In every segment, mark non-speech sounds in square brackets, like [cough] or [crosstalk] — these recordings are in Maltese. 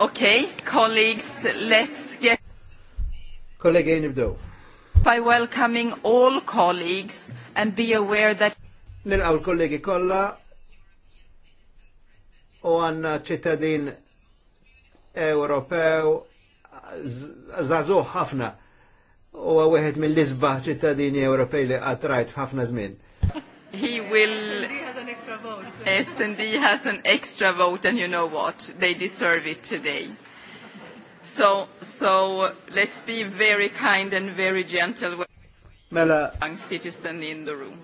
Okay, colleagues, let's get... Kollegi, nibdow. By welcoming all colleagues and be aware that... Nilqaw l-kollegi kolla u għanna ċittadin Ewropew ħafna u għawihet mill-lisba ċittadini Ewropej li għatrajt ħafna zmin. He will S&D has an extra vote, and you know what? They deserve it today. So, so let's be very kind and very gentle with Mela. young citizen in the room.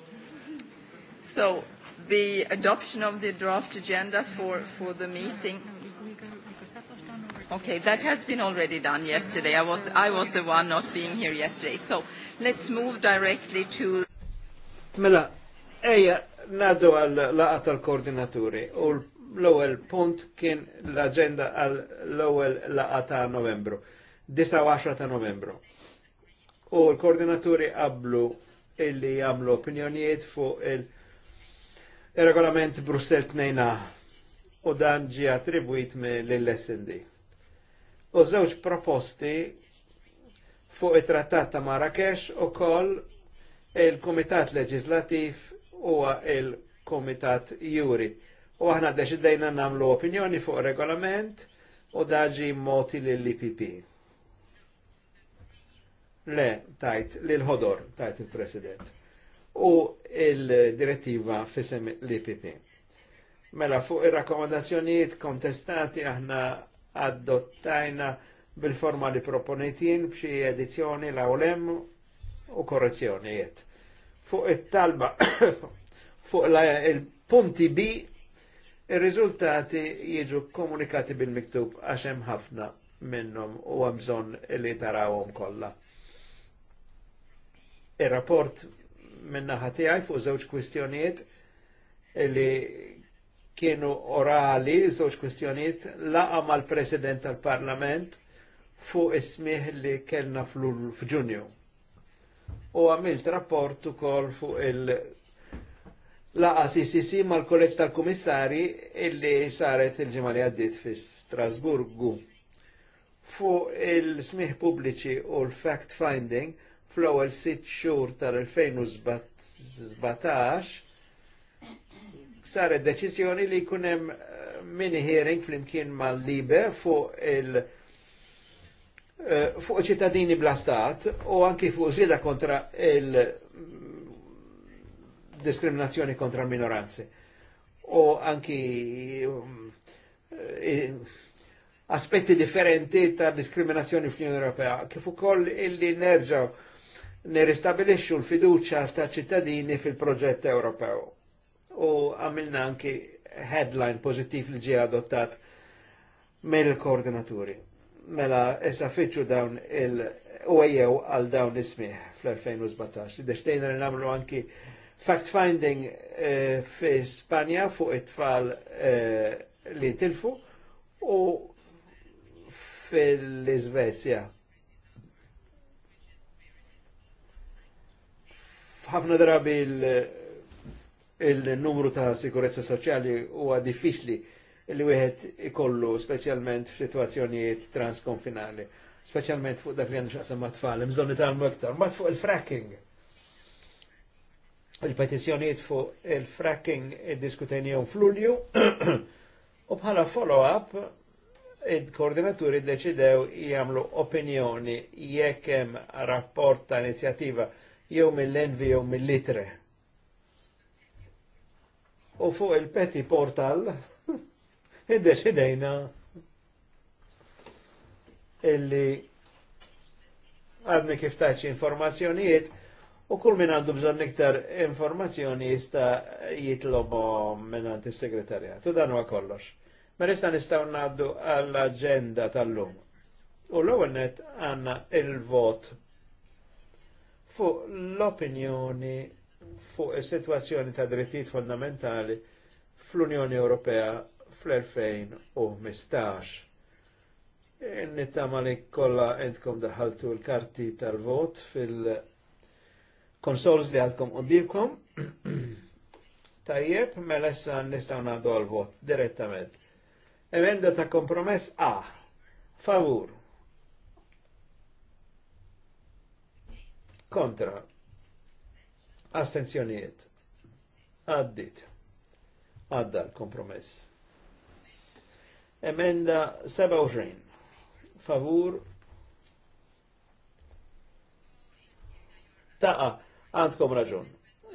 So, the adoption of the draft agenda for, for the meeting. Okay, that has been already done yesterday. I was, I was the one not being here yesterday. So, let's move directly to... Mela, eja, Nadu għal laqa tal-koordinaturi u l-ewwel punt kien l-agenda għal l-ewwel laqa ta' Novembru, 19 ta' Novembru. U l-koordinaturi qablu illi jagħmlu opinjonijiet fuq il-regolament Brussel 2 u dan ġi attribwit mill snd U żewġ proposti fuq it-trattat ta' Marrakesh u koll il-Kumitat Leġislativ huwa il-Komitat Juri. U aħna deċidejna namlu opinjoni fuq regolament u daġi moti lill-IPP. Le, tajt, l ħodor tajt il-President. U il-direttiva fisem l-IPP. Mela fuq ir-rakkomandazzjonijiet kontestati aħna adottajna bil-forma li proponitin bċi edizzjoni la u korrezzjonijiet fuq it-talba [coughs] fuq il-punti B ir-riżultati jiġu komunikati bil-miktub għax hemm ħafna minnhom u għamżon li tarawhom kollha. Ir-rapport ħati għaj fuq żewġ kwistjonijiet li kienu orali żewġ kwistjonijiet laqa mal-President tal-Parlament fuq ismih li kellna f'Ġunju u għamilt rapport ukoll fuq il- accc CCC mal-kolleġ tal-komissari illi saret il-ġimali għaddit fi Strasburgu Fu il-smiħ pubbliċi u l-fact-finding fl-ewwel sitt xhur tal-2017 saret deċiżjoni li jkun hemm mini hearing flimkien mal-Libe fuq il- Eh, fuq ċittadini bla stat u anki fuq zida kontra il-diskriminazzjoni mm, kontra minoranze. U anki mm, eh, aspetti differenti ta' diskriminazzjoni fl-Unjoni Ewropea, kif ukoll illi nerġgħu niristabilixxu l-fiduċja ta' ċittadini fil-proġett Ewropew. U għamilna anki headline pożittiv li ġie adottat mill-koordinaturi mela essa fitxu dawn il ujew għal dawn ismi fl-2017. Deċtejna li namlu anki fact-finding eh, fi Spanja fuq it-tfal eh, li tilfu u fil-Izvezja. ħafna drabi il-numru ta' sikurezza soċjali huwa diffiċli li wieħed ikollu speċjalment f'sitwazzjonijiet transkonfinali, speċjalment fuq dak li għandu xaqsam ma' tfal, mżonni tal aktar, ma' fuq il-fracking. Il-petizjonijiet fuq il-fracking id-diskutenjom fl-ulju [clears throat] u bħala follow-up il-koordinaturi deċidew jagħmlu opinjoni jekk hemm rapport ta' inizjattiva jew mill-envi jew mill-litre. U fuq il-peti portal id idejna. illi għadni kif taċ informazzjonijiet u kull minn għandu bżon iktar informazzjoni jista jitlobom minn is segretarjat U dan huwa kollox. Ma nista nistaw naddu għall-agenda tal-lum. U l-ewwel net għandna il-vot fuq l-opinjoni fuq is-sitwazzjoni ta' drittijiet fondamentali fl-Unjoni Ewropea fl-2015. E, nittama li kolla entkom daħaltu l-karti tal-vot fil konsors li għadkom u dirkom. [clears throat] Tajjeb, mela issa nistaw għandu għal-vot direttament. Emenda ta' kompromess A. Favur. Kontra. Astenzjoniet. Għaddit. Għadda l-kompromess. Emenda 27. Favur. Taqa, għandkom raġun.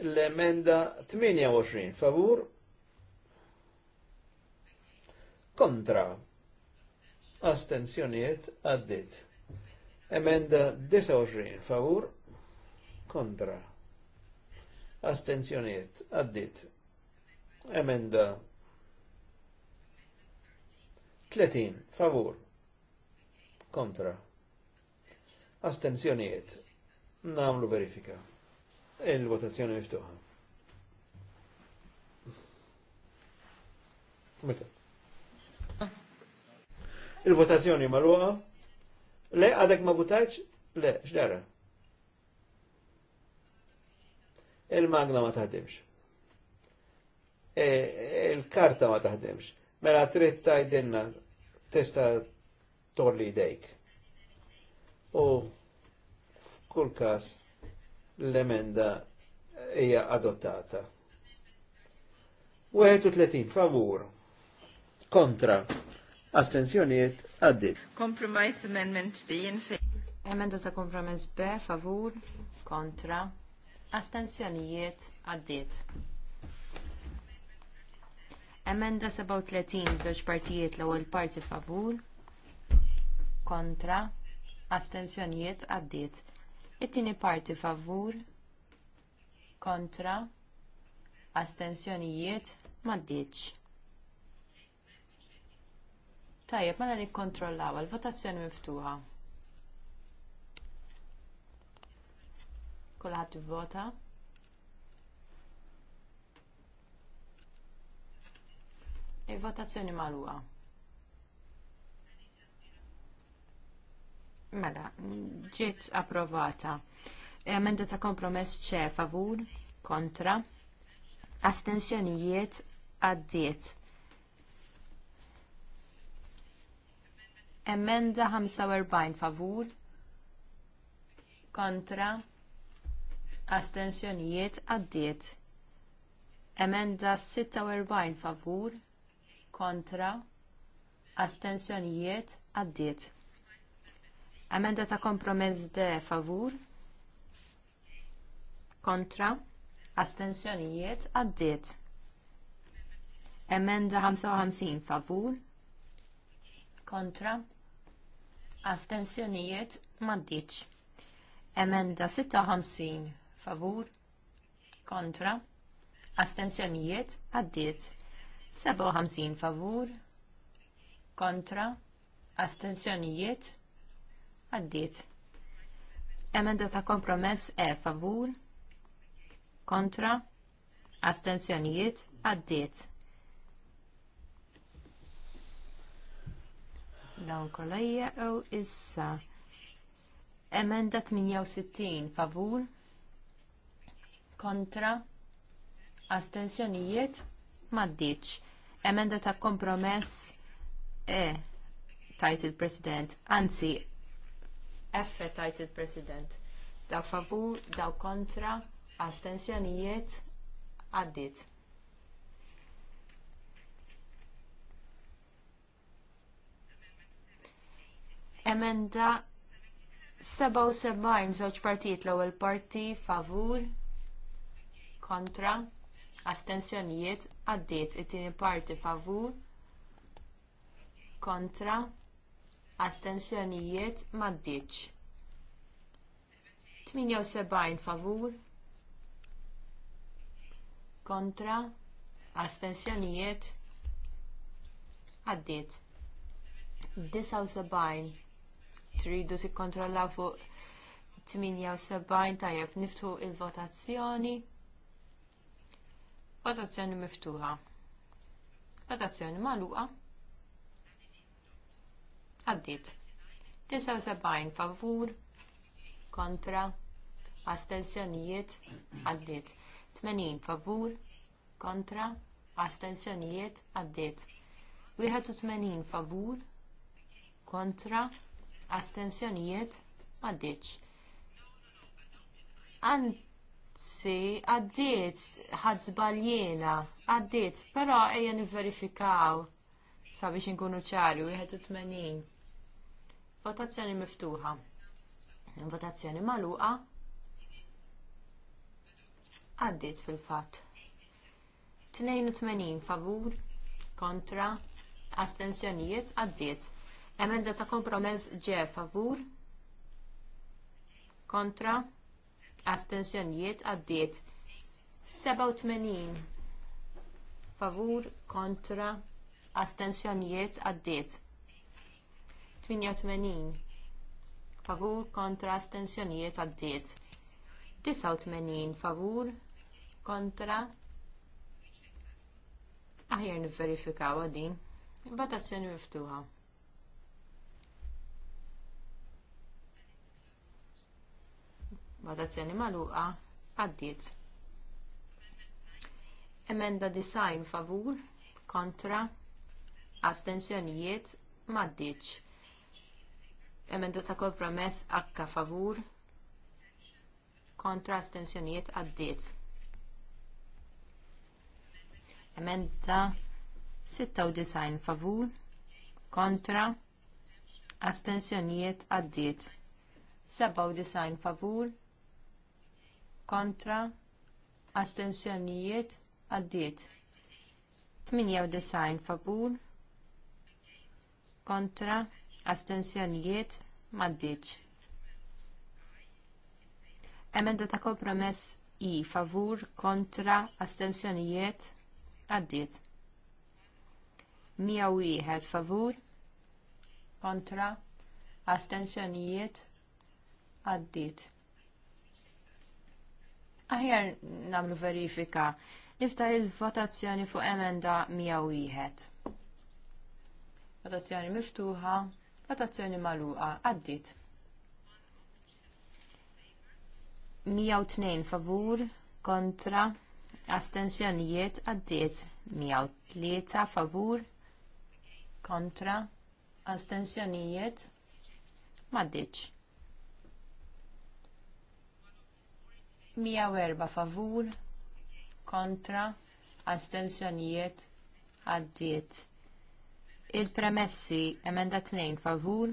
L-emenda 28. Favur. Kontra. Astenzjoniet għaddit. Emenda 29. Favur. Kontra. Astenzjoniet għaddit. Emenda 30 favur kontra astenzjonijiet namlu verifika il-votazzjoni miftuħa Il-votazzjoni maluqa Le, għadek ma votajċ? Le, xdara? Il-magna ma taħdimx. E, il-karta ma taħdimx. Mela trid tajdinna tista' torli dejk. U f'kull każ l-emenda hija adottata. 31 favur kontra astensjoniet għaddit. Compromise amendment B in favor. Emenda ta' kompromess B favur kontra astensjonijiet għaddit. Emenda 37, żewġ partijiet l-ewwel parti favur, kontra, astensjonijiet għaddiet. It-tieni parti favur, kontra, astensjonijiet m'għaddietx. Tajjeb, mela nikkontrollaw il votazzjoni miftuħa. Kulħadd ivvota. vota votazzjoni magħluqa. Mela, ġiet approvata. Emenda ta' kompromess ċe favur, kontra, astensjonijiet għaddiet. Emenda 45 favur, kontra, astensjonijiet għaddiet. Emenda 46 favur, kontra, astensjonijiet għaddiet. Emenda ta' kompromess de favur, kontra, astensjonijiet għaddiet. Emenda 55 favur, kontra, astensjonijiet maddiċ. Emenda 56 favur, kontra, astensjonijiet għaddiet 57 favur kontra astensjonijiet għaddiet. Emenda ta' kompromess E favur kontra astensjonijiet għaddiet. Dawn kolajja u issa. Emenda 68 favur kontra astensjonijiet maddiċ. Emenda ta' kompromess E tajt il-President, anzi F tajt il-President. Daw favur, daw kontra, astensjonijiet, għaddit. Emenda 77 żewġ partijiet l-ewwel parti favur kontra astensjonijiet għaddiet it-tieni parti favur kontra astensjonijiet m'għaddiex. 78 favur kontra astensjonijiet għaddiet. 79 tridu tikkontrolla fuq 78 tajjeb niftħu il-votazzjoni. Għadazzjoni miftuħa. Għadazzjoni maluqa. Għaddit. 79 favur kontra astensjonijiet għaddit. 80 favur kontra astensjonijiet għaddit. 81 favur kontra astensjonijiet għaddit. Għaddit. Grazzi, għaddiet, ħadżbaljena, għaddiet, però ejja niverifikaw sabiex inkunu ċari, 81. Votazzjoni miftuħa. Votazzjoni magħluqa għaddiet fil-fat. 82 favur kontra astensjonijiet għaddiet. Emenda ta' kompromess ġe favur kontra astensjonijiet għaddiet 87 favur kontra astensjonijiet għaddiet 88 favur kontra astensjonijiet għaddiet 89 favur kontra aħjar nifverifikaw għadin votazzjoni miftuħa Votazzjoni magħluqa għaddiet. Emenda design favur kontra astensjonijiet m'għaddiex. Emenda ta' kompromess akka favur kontra astensjonijiet għaddiet. Emenda 96 favur kontra astensjonijiet għaddiet. 97 favur kontra astensjonijiet għaddiet. 98 favur kontra astensjonijiet maddiċ. Emenda ta' kompromess i favur kontra astensjonijiet għaddiet. 101 favur kontra astensjonijiet għaddiet. Aħjar namlu verifika. Niftaħ il-votazzjoni fuq emenda 101. Votazzjoni miftuħa, votazzjoni maluqa, għaddit. 102 favur kontra astensjonijiet għaddit 103 favur kontra astensjonijiet maddiċ. 104 favur kontra astensjonijiet għaddiet. Il-premessi emenda 2 favur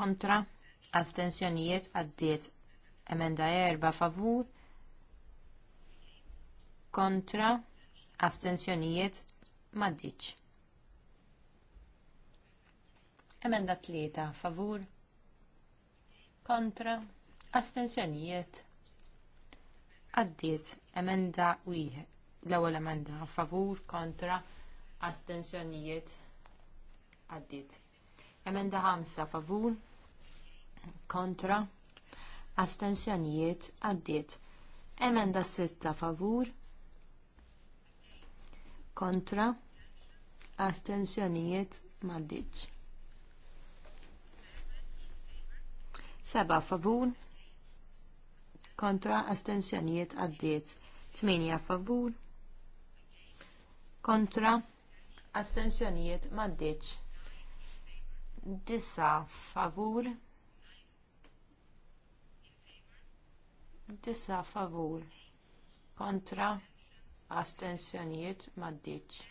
kontra astensjonijiet għaddiet. Emenda 4 favur kontra astensjonijiet maddiċ. Emenda 3 favur kontra Astenzjonijiet għaddiet emenda wieħed l-ewwel emenda favur kontra astenzjonijiet għaddiet. Emenda ħamsa favur kontra astenzjonijiet għaddiet. Emenda sitta favur kontra astenzjonijiet maddiċ. Seba favur kontra astensjonijiet għaddiet. 8 favur kontra astensjonijiet maddiċ. 9 favur 9 favur kontra astensjonijiet maddiċ.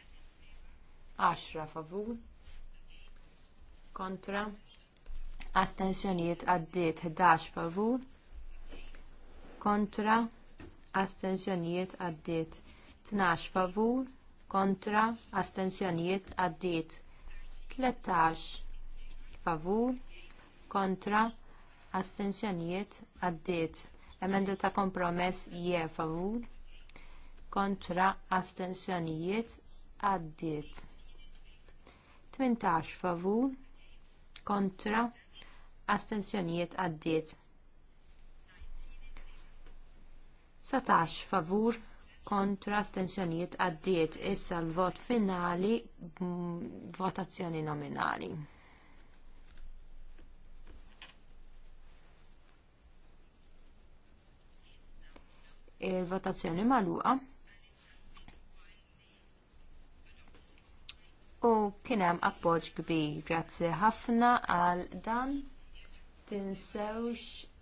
10 favur kontra astensjonijiet għaddiet 11 favur kontra astensjonijiet għaddiet 12 favur kontra astensjonijiet għaddiet 13 favur kontra astensjonijiet għaddiet emenda ta' kompromess je favur kontra astensjonijiet għaddiet 18 favur kontra astensjonijiet għaddiet satax favur kontra stensjonijiet għaddiet issa l-vot finali mm, votazzjoni nominali. Il-votazzjoni magħluqa. u kien hemm appoġġ kbir. Grazzi ħafna għal dan. Tinsewx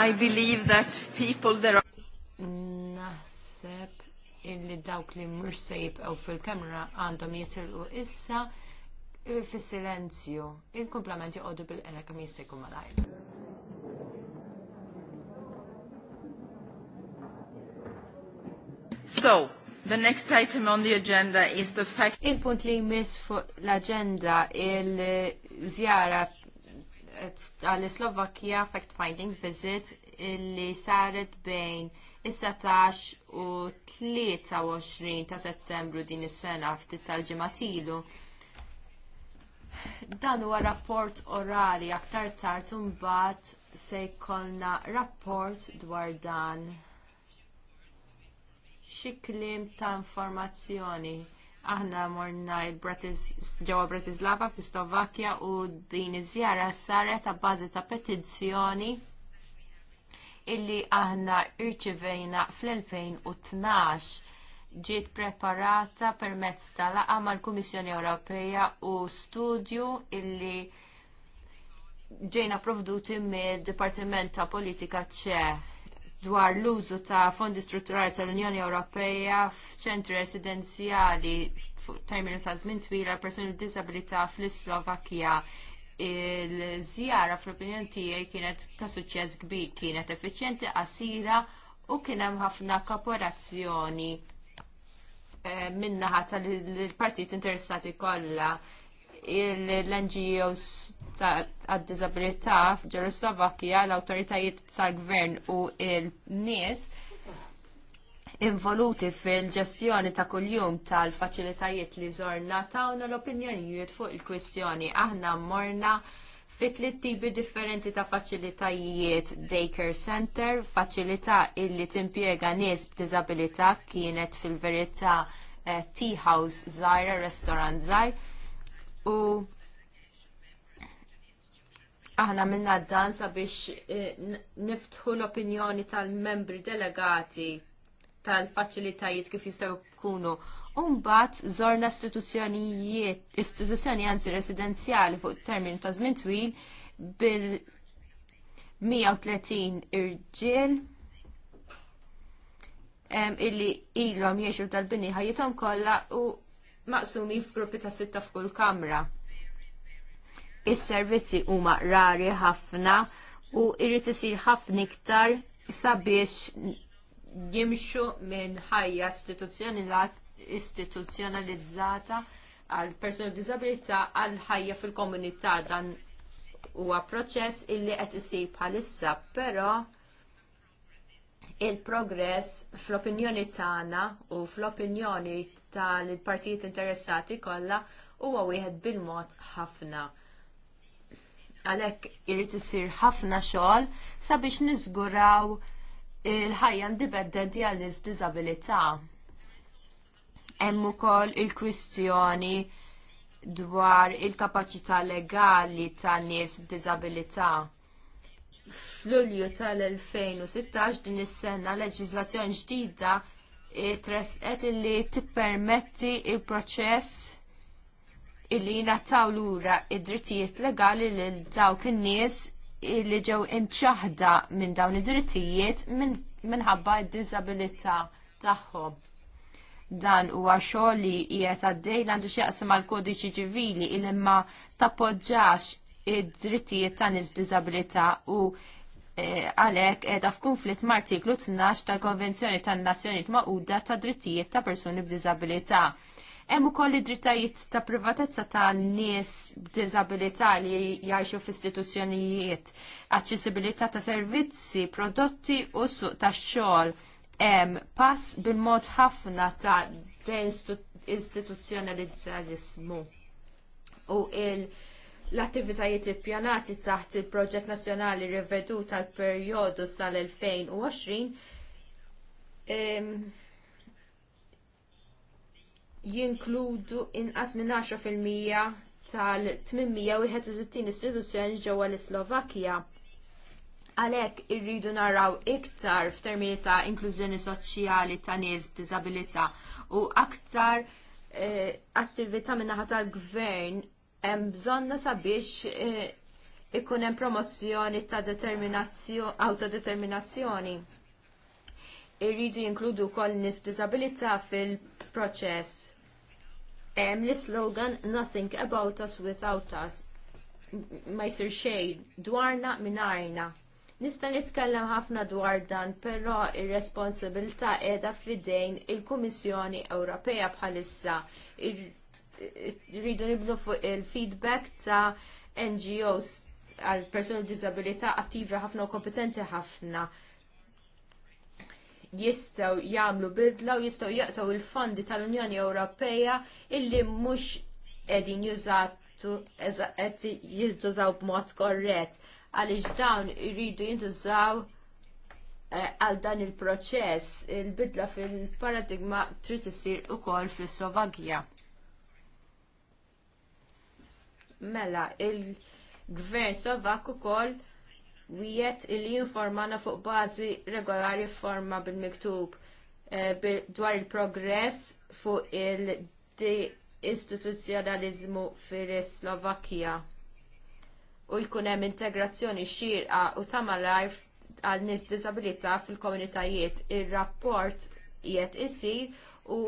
I believe that people there are... Naħseb illi dawk li mhux se jibqgħu fil-kamra għandhom jitilqu issa fis-silenzju. Il-komplement joqogħdu bil-qelek kemm jista' jkun So, the next item on the agenda is the fact... Il-punt li jmiss fuq l-agenda il-żjara għall-Slovakkja fact-finding visit illi saret bejn is-17 u 23 ta' settembru din is-sena ftit tal-ġematilu. Dan huwa rapport orali aktar tard imbagħad se jkollna rapport dwar dan xi kliem ta' informazzjoni aħna morna ġewwa Bratislava fi Slovakkja u din iż-żjara saret ta' bażi ta' petizzjoni illi aħna irċivejna fl-2012 ġiet preparata permezz tal laqgħa mal-Kummissjoni Ewropea u studju illi ġejna provduti mid-Dipartiment ta' Politika ċeħ dwar l-użu ta' fondi strutturali tal-Unjoni Ewropea f'ċentri residenzjali fuq terminu ta' żmien twila persuni b'disabilità fl islovakkija il-żjara fl-opinjoni tiegħi kienet ta' suċċess kbir, kienet effiċjenti qasira u kien hemm ħafna kooperazzjoni eh, naħa tal-partijiet interessati kollha l-NGOs għad dizabilità f'Ġeruslovakkja l-awtoritajiet tal-gvern u il-nies involuti fil-ġestjoni ta' kuljum tal-faċilitajiet li żorna tawna l-opinjonijiet fuq il-kwistjoni. Aħna morna fit tibi differenti ta' faċilitajiet Daker center, faċilità illi timpiega nies b'diżabilità kienet fil-verità eh, tea house żgħira, restaurant żgħir u aħna minna dan sabiex eh, niftħu l-opinjoni tal-membri delegati tal-faċilitajiet kif jistaw kunu. Umbat zorna istituzzjonijiet, istituzzjoni għanzi residenzjali fuq termin ta' żmien twil bil-130 irġiel illi ilhom jiexu tal-bini ħajjithom kollha u maqsumi f'gruppi ta' sitta f'kull kamra. Is-servizzi huma rari ħafna u irrid isir ħafna iktar sabiex jimxu minn ħajja istituzzjonalizzata għal persuni b'diżabilità għal ħajja fil-komunità dan huwa proċess illi qed isir bħalissa, però il-progress fl-opinjoni tagħna u fl-opinjoni tal-partijiet interessati kollha huwa wieħed bil-mod ħafna għalhekk irrit isir ħafna xogħol sabiex niżguraw il-ħajja ndibedded għal nies b'diżabilità. Hemm ukoll il-kwistjoni dwar il-kapaċità legali tan nies b'diżabilità. F'Lulju tal-2016 din is-sena leġiżlazzjoni ġdida eh, tresqet li tippermetti il-proċess illi nataw lura id-drittijiet legali lil dawk in-nies illi ġew imċaħda minn dawn id-drittijiet minħabba min id-diżabilità tagħhom. Dan huwa xogħol li qiegħed għaddej għandu x'jaqsim għal kodiċi ċivili illi ma tappoġġax id-drittijiet ta' nies b'diżabilità u e, għalek edha f'kunflitt ma' artiklu 12 tal-Konvenzjoni tan-Nazzjonijiet Magħquda ta' Drittijiet ta' Persuni b'Diżabilità Hemm ukoll id-drittajiet ta' privatezza ta' nies b'diżabilità li jgħixu f'istituzzjonijiet, aċċessibilità ta' servizzi, prodotti u suq tax-xogħol. Hemm pass bil-mod ħafna ta' deinstituzzjonalizzaliżmu. u il- l-attivitajiet ippjanati taħt il-proġett nazzjonali rivedut tal-perjodu sal-2020 jinkludu inqas minn 10% tal-861 istituzzjoni ġewwa l-Slovakkja. Għalhekk irridu naraw iktar f'termini ta' inklużjoni soċjali ta' nies b'diżabilità u aktar eh, attività min-naħa tal-gvern hemm bżonna sabiex eh, ikun hemm promozzjoni ta' determinazzjoni autodeterminazzjoni. Irridu jinkludu wkoll nies b'diżabilità fil-proċess hemm l-slogan Nothing about us without us. Ma jsir xejn dwarna minarina. Nista' nitkellem ħafna dwar dan, però ir-responsabilità qiegħda f'idejn il-Kummissjoni Ewropea bħalissa. Rridu nibnu fuq il-feedback ta' NGOs għal persuni b'diżabilità attivi ħafna u kompetenti ħafna jistgħu jagħmlu bidla u jistgħu jaqtaw il-fondi tal-Unjoni Ewropea illi mhux qegħdin jużatu qed jintużaw b'mod korrett għaliex dawn iridu jintużaw eh, għal dan il-proċess il-bidla fil-paradigma trid isir ukoll fis-Slovakkja. Mela, il-gvern Slovak ukoll wiet illi jinformana fuq bażi regolari forma bil-miktub eh, dwar il-progress fuq il-istituzzjonalizmu fir slovakkija u jkun hemm integrazzjoni x-xirqa u tamalar għal nies b'diżabilità fil-komunitajiet. Ir-rapport qiegħed isir u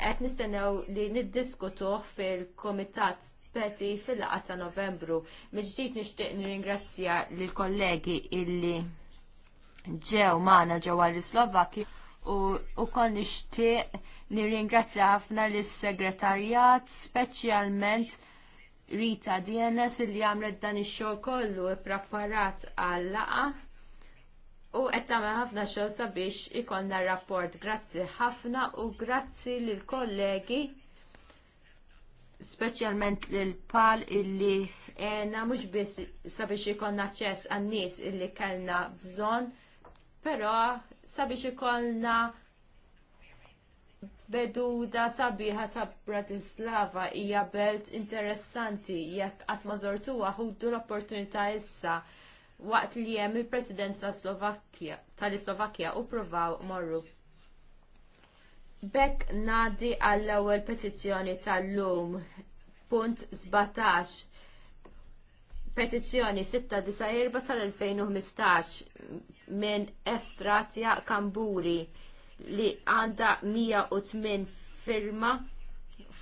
qed nistennew li niddiskutuh fil-Kumitat peti fil laqgħa ta' novembru. Miġdijt nixtieq nirringrazzja lill kollegi illi ġew maħna ġewwa għalli slovakki u wkoll nixtieq nirringrazzja ħafna lis segretarjat speċjalment Rita DNS illi għamlet dan ix-xogħol kollu ippreparat e għal laqgħa u qed tagħmel ħafna xogħol sabiex ikollna rapport. Grazzi ħafna u grazzi lill kollegi specialment l-pal illi ena mux bis sabiex ikonna ċess għannis illi kellna bżon, pero sabiex ikonna veduda sabiħa ta' Bratislava hija belt interessanti jekk qatt ma żortuha ħuddu l-opportunità issa waqt li hemm il-Presidenza tal-Slovakkja u provaw morru Bekk nadi għall-ewwel petizzjoni tal-lum, punt 17, petizzjoni 694 tal-2015 minn Estratja Kamburi li għanda 108 firma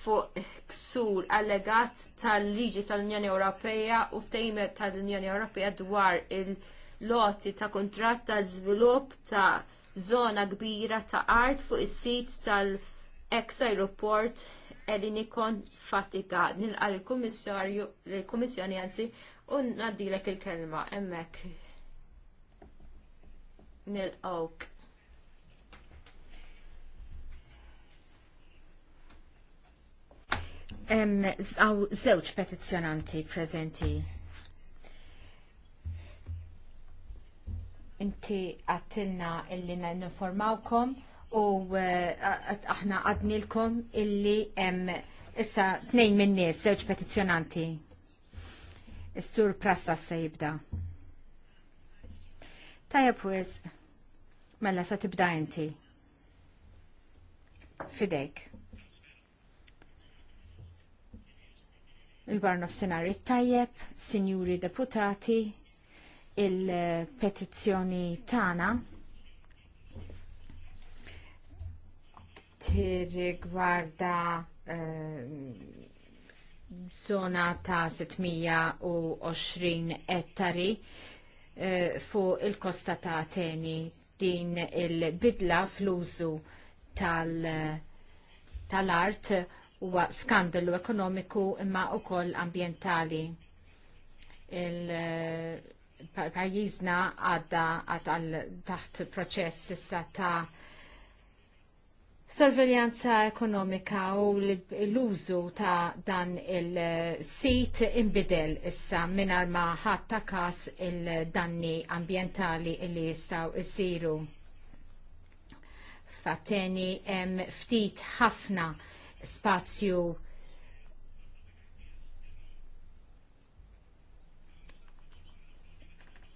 fuq ksur allegat tal-liġi tal-Unjoni Ewropea u ftejmet tal-Unjoni Ewropea dwar il-loti ta' kuntratt ta' żvilupp ta' żona kbira ta' art fuq is-sit tal-ex aeroport Elini Fatika. Nilqa l-Kummissarju, l-Kummissjoni għanzi, u naddilek il-kelma, emmek. Nilqawk. żewġ petizzjonanti preżenti Inti għattilna illi n-informawkom u eh, aħna għadnilkom illi hemm issa tnejn minn nies żewġ petizzjonanti. Is-sur Prassa se jibda. Tajja pwis, mela sa tibda inti. Fidejk. il barnof Senari tajjeb, Sinjuri Deputati, il-petizzjoni tagħna tirrigwarda żona ehm, ta' 620 ettari eh, fuq il-kosta ta' Ateni din il-bidla fl-użu tal-art u huwa skandalu ekonomiku imma wkoll ambjentali pajjiżna għadda għal taħt proċess issa ta' sorveljanza ekonomika u l-użu ta' dan il-sit imbidel issa minar ma ħatta ta' kas il-danni ambientali li jistaw isiru fatteni hemm ftit ħafna spazju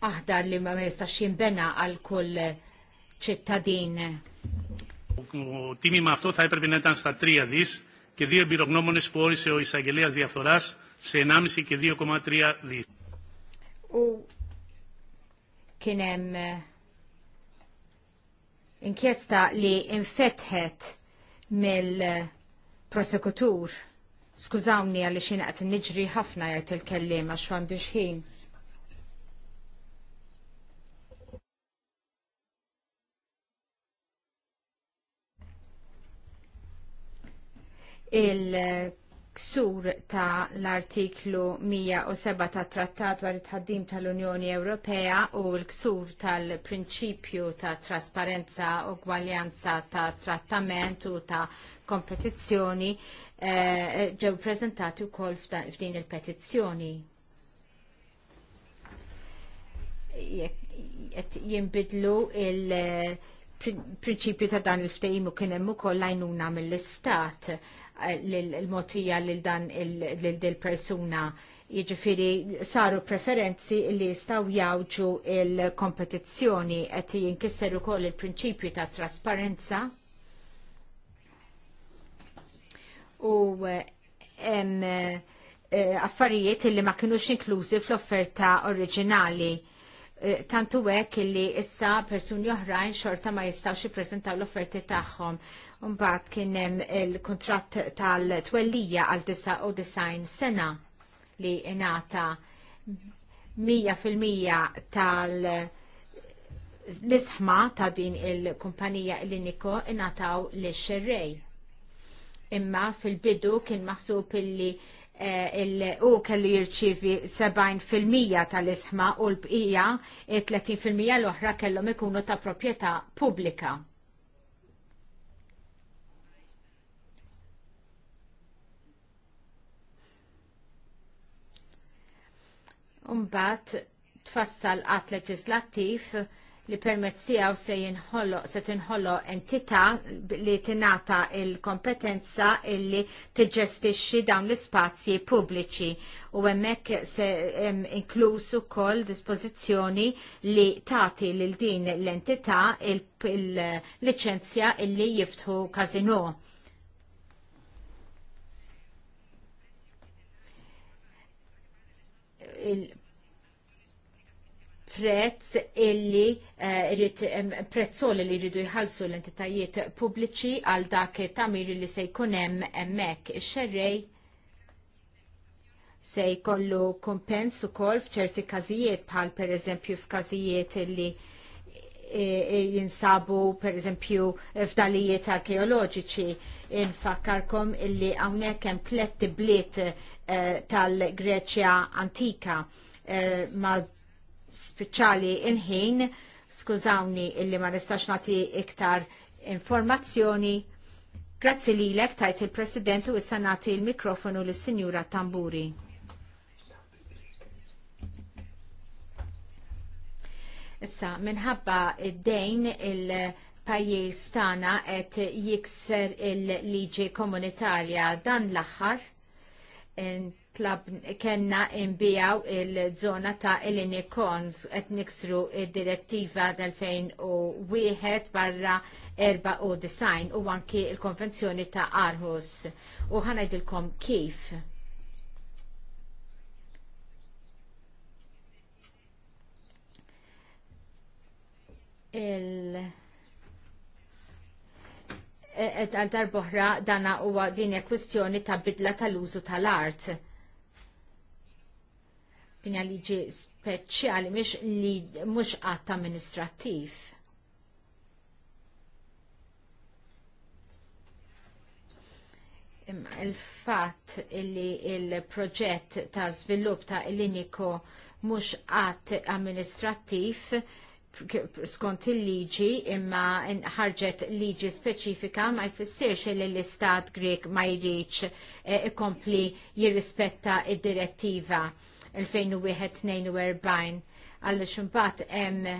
aħdar li ma jistax jimbena għal kull ċittadin. Timi maħtu ta' jperbinetan sta' trija dis, ke dio birognomone spori se o isagelias di Azoras, se namisi ke dio koma trija dis. U kienem inkjesta li infetħet mill-prosekutur, skużawni għalli xina għat nġri ħafna jgħat il-kellima xwandu xħin. il-ksur ta' l-artiklu 107 ta' trattat dwar it-ħaddim tal-Unjoni Ewropea u l-ksur tal-prinċipju ta' trasparenza u gwaljanza ta' trattament u ta' kompetizzjoni eh, ġew eh, prezentati wkoll f'din il-petizzjoni jimbidlu il- eh, prinċipju ta' dan il-ftehim u kien hemm ukoll għajnuna mill-istat l-motija lil dan il-persuna. Jiġifieri saru preferenzi li jistgħu jawġu il-kompetizzjoni qed jinkisser ukoll il-prinċipju ta' trasparenza u eh, affarijiet li ma kinux inklużi fl-offerta oriġinali Eh, tantu hekk illi issa persuni oħrajn xorta ma jistgħux jippreżentaw l-offerti tagħhom. Mbagħad kien hemm il-kuntratt tal-twellija għal 99 sena li ingħata 100% tal- l-isħma ta' din il-kumpanija l-Niko ingħataw l xerrej. Imma fil-bidu kien maħsub illi Eh, u kellu jirċivi 70% tal-isħma u l-bqija 30% e l-oħra kellhom ikunu ta' proprjetà pubblika. Umbat tfassal qatt leġislattiv li permezz tiegħu se jinħolloq se tinħolloq entità li tingħata il-kompetenza illi tiġġestixxi dawn l-ispazji pubbliċi u hemmhekk se inkluż ukoll dispożizzjoni li tagħti lil din l-entità il-liċenzja illi jiftħu każinò. il prezz illi uh, prezzoli li jridu jħallsu l-entitajiet pubbliċi għal dak tamir li se jkun hemm hemmhekk ix-xerrej se jkollu u ukoll f'ċerti każijiet bħal pereżempju f'każijiet li eh, eh, jinsabu pereżempju f'dalijiet arkeoloġiċi infakkarkom illi hawnhekk hemm tliet bliet uh, tal-Greċja antika uh, ma' speċjali il-ħin, skużawni illi ma nistax nagħti iktar informazzjoni. Grazzi lilek tajt il-President u issa nagħti l mikrofonu lis sinjura Tamburi. Issa, minħabba id-dejn il pajjiż tagħna qed jikser il-liġi komunitarja dan l-aħħar kena imbijaw il-zona ta' il-Nikons et niksru il-direttiva tal-2001 barra 4 u design u anki il-konvenzjoni ta' Arhus u ħanajdilkom kif. il għal darboħra dana huwa dinja kwistjoni ta' bidla tal-użu tal-art. Dinja liġi speċjali mhux li mhux qatt amministrattiv. il-fatt li il-proġett ta' żvilupp ta' iliniko iniko mhux qatt amministrattiv skont il-liġi imma ħarġet liġi speċifika ma jfissirx li l-istat Grek ma jriċ eh, ikompli jirrispetta id-direttiva 2001-42 għallu imbagħad hemm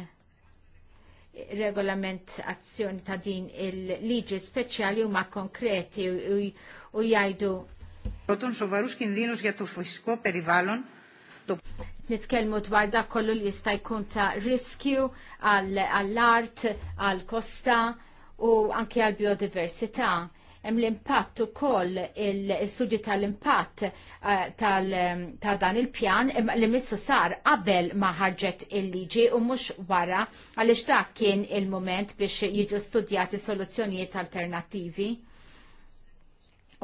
regolament azzjoni ta' din il-liġi speċjali huma konkreti u jgħidu. Potun sovarus kindinos για το φυσικό περιβάλλον nitkellmu dwar dak kollu li jista' jkun ta' riskju għall-art, għall-kosta u anke għall-biodiversità. Hemm l-impatt ukoll il-studju tal-impatt eh, ta' dan il-pjan li missu sar qabel ma ħarġet il-liġi u mhux wara għaliex dak kien il mument biex jiġu studjati soluzzjonijiet alternattivi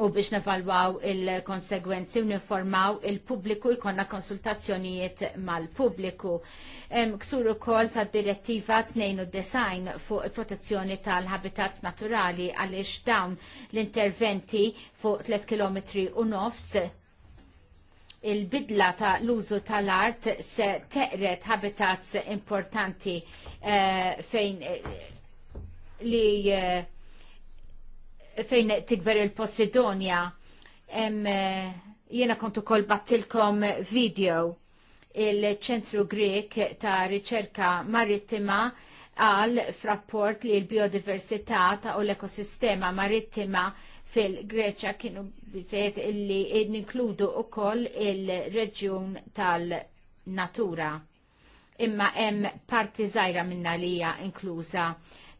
u biex nevalwaw il-konsegwenzi u niformaw il-pubbliku jkonna konsultazzjonijiet mal-pubbliku. Ksur ukoll ta' direttiva d-design fuq il-protezzjoni tal-habitats naturali għaliex dawn l-interventi fuq 3 km u nofs il-bidla ta' l-użu tal-art se teqret habitats importanti eh, fejn uh, li uh, fejn tikber il-Posidonia. Eh, jiena kontu kol battilkom video il-ċentru Grek ta' riċerka marittima għal frapport li l-biodiversità ta' u l-ekosistema marittima fil-Greċa kienu bizet illi ninkludu u koll il-reġjun tal-natura. Imma hemm parti zaħira minna lija inklusa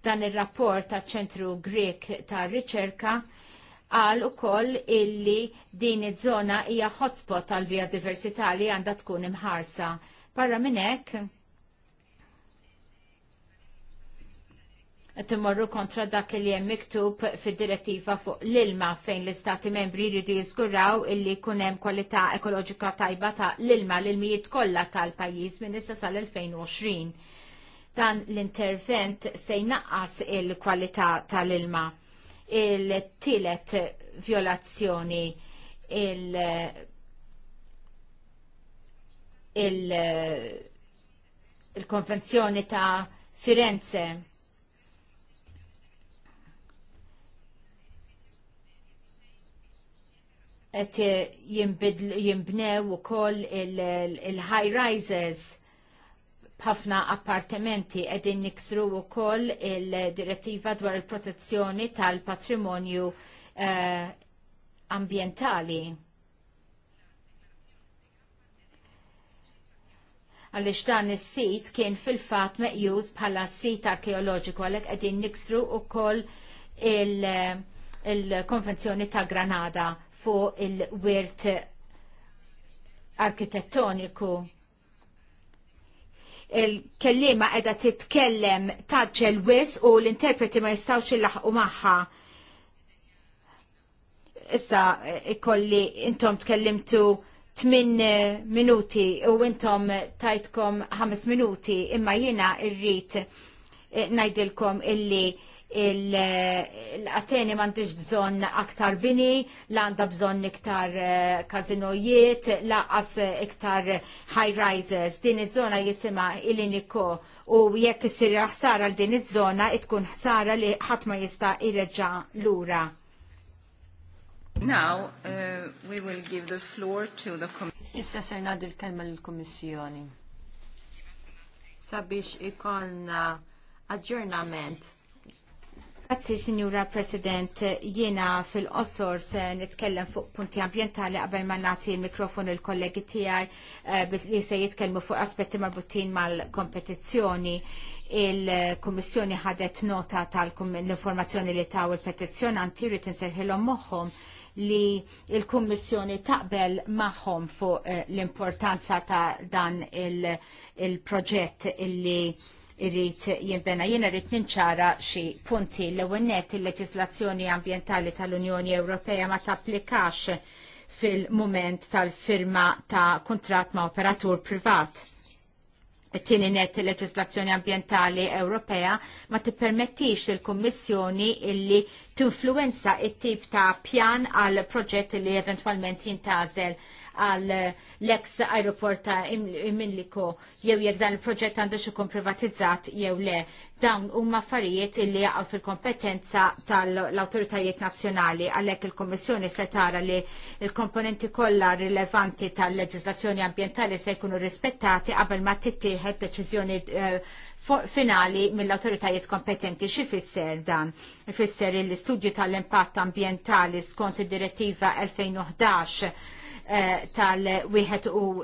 Dan ir-rapport taċ ċentru Grek ta' riċerka għal u koll illi din iż-żona hija hotspot tal biodiversità li għandha tkun imħarsa. Parra minn hekk kontra dak li hemm miktub fid-direttiva fuq l-ilma fejn l-istati membri jridu jiżguraw illi jkun hemm kwalità ekoloġika tajba ta' l-ilma l-ilmijiet kollha tal-pajjiż minn issa sal-2020 Dan l-intervent se jnaqqas il-kwalità tal-ilma. Il-tielet violazzjoni il- il-konvenzjoni il ta' Firenze et jimbnew u koll il-high il rises ħafna appartimenti edin niksru u koll il-direttiva dwar il-protezzjoni tal-patrimonju eh, ambientali. għalix dan is-sit kien fil-fat meqjuż bħala sit arkeoloġiku għalhekk qegħdin niksru wkoll il-Konvenzjoni il ta' Granada fuq il-wirt arkitettoniku il-kellima edha titkellem taġġel wis u l-interpreti ma jistawx il-laħqu maħħa. Issa ikolli intom tkellimtu 8 eh, minuti u intom tajtkom 5 minuti imma jina irrit eh, najdilkom illi l-Ateni mandiġ bżon aktar bini, l-għanda bżon iktar eh, kazinojiet, laqas eh, iktar high rises. Din iż-żona jisima il-iniko u jekk issir ħsara l din iż-żona itkun ħsara li ħadd ma jista' l lura. Now uh, we will give the floor to the Commission. Issa ser nagħdi l-kelma lill kommissjoni Sabiex ikolna aġġornament Grazzi, Signora President. Jiena fil-qossor se nitkellem fuq punti ambientali qabel ma nagħti l-mikrofon il-kollegi tiegħi eh, li se jitkellmu fuq aspetti marbutin mal-kompetizzjoni. Il-Kummissjoni ħadet nota tal-informazzjoni li taw il-petizzjonanti jrid inserħilhom moħħhom li il-Kummissjoni taqbel magħhom fuq eh, l-importanza ta' dan il-proġett il illi irrit jinbena jiena rrit ninċara xi punti l ewwel il-leġislazzjoni ambjentali tal-Unjoni Ewropea ma tapplikax fil-moment tal-firma ta' kuntratt ma' operatur privat. Tini net il-leġislazzjoni ambjentali Ewropea ma tippermettix il-Kummissjoni illi tinfluenza it-tip ta' pjan għal proġett li eventwalment jintazel għal l-ex aeroport ta' jew jekk dan il-proġett għandu ikun privatizzat jew le. Dawn huma affarijiet li jaqgħu fil-kompetenza tal-awtoritajiet nazzjonali għalhekk il-Kummissjoni se tara li l-komponenti kollha rilevanti tal-leġislazzjoni ambjentali se jkunu rispettati qabel ma tittieħed deċiżjoni eh, finali mill-autoritajiet kompetenti xi fisser dan. Ifisser l-istudju tal-impatt ambientali skont id-direttiva 2011 eh, tal-1 u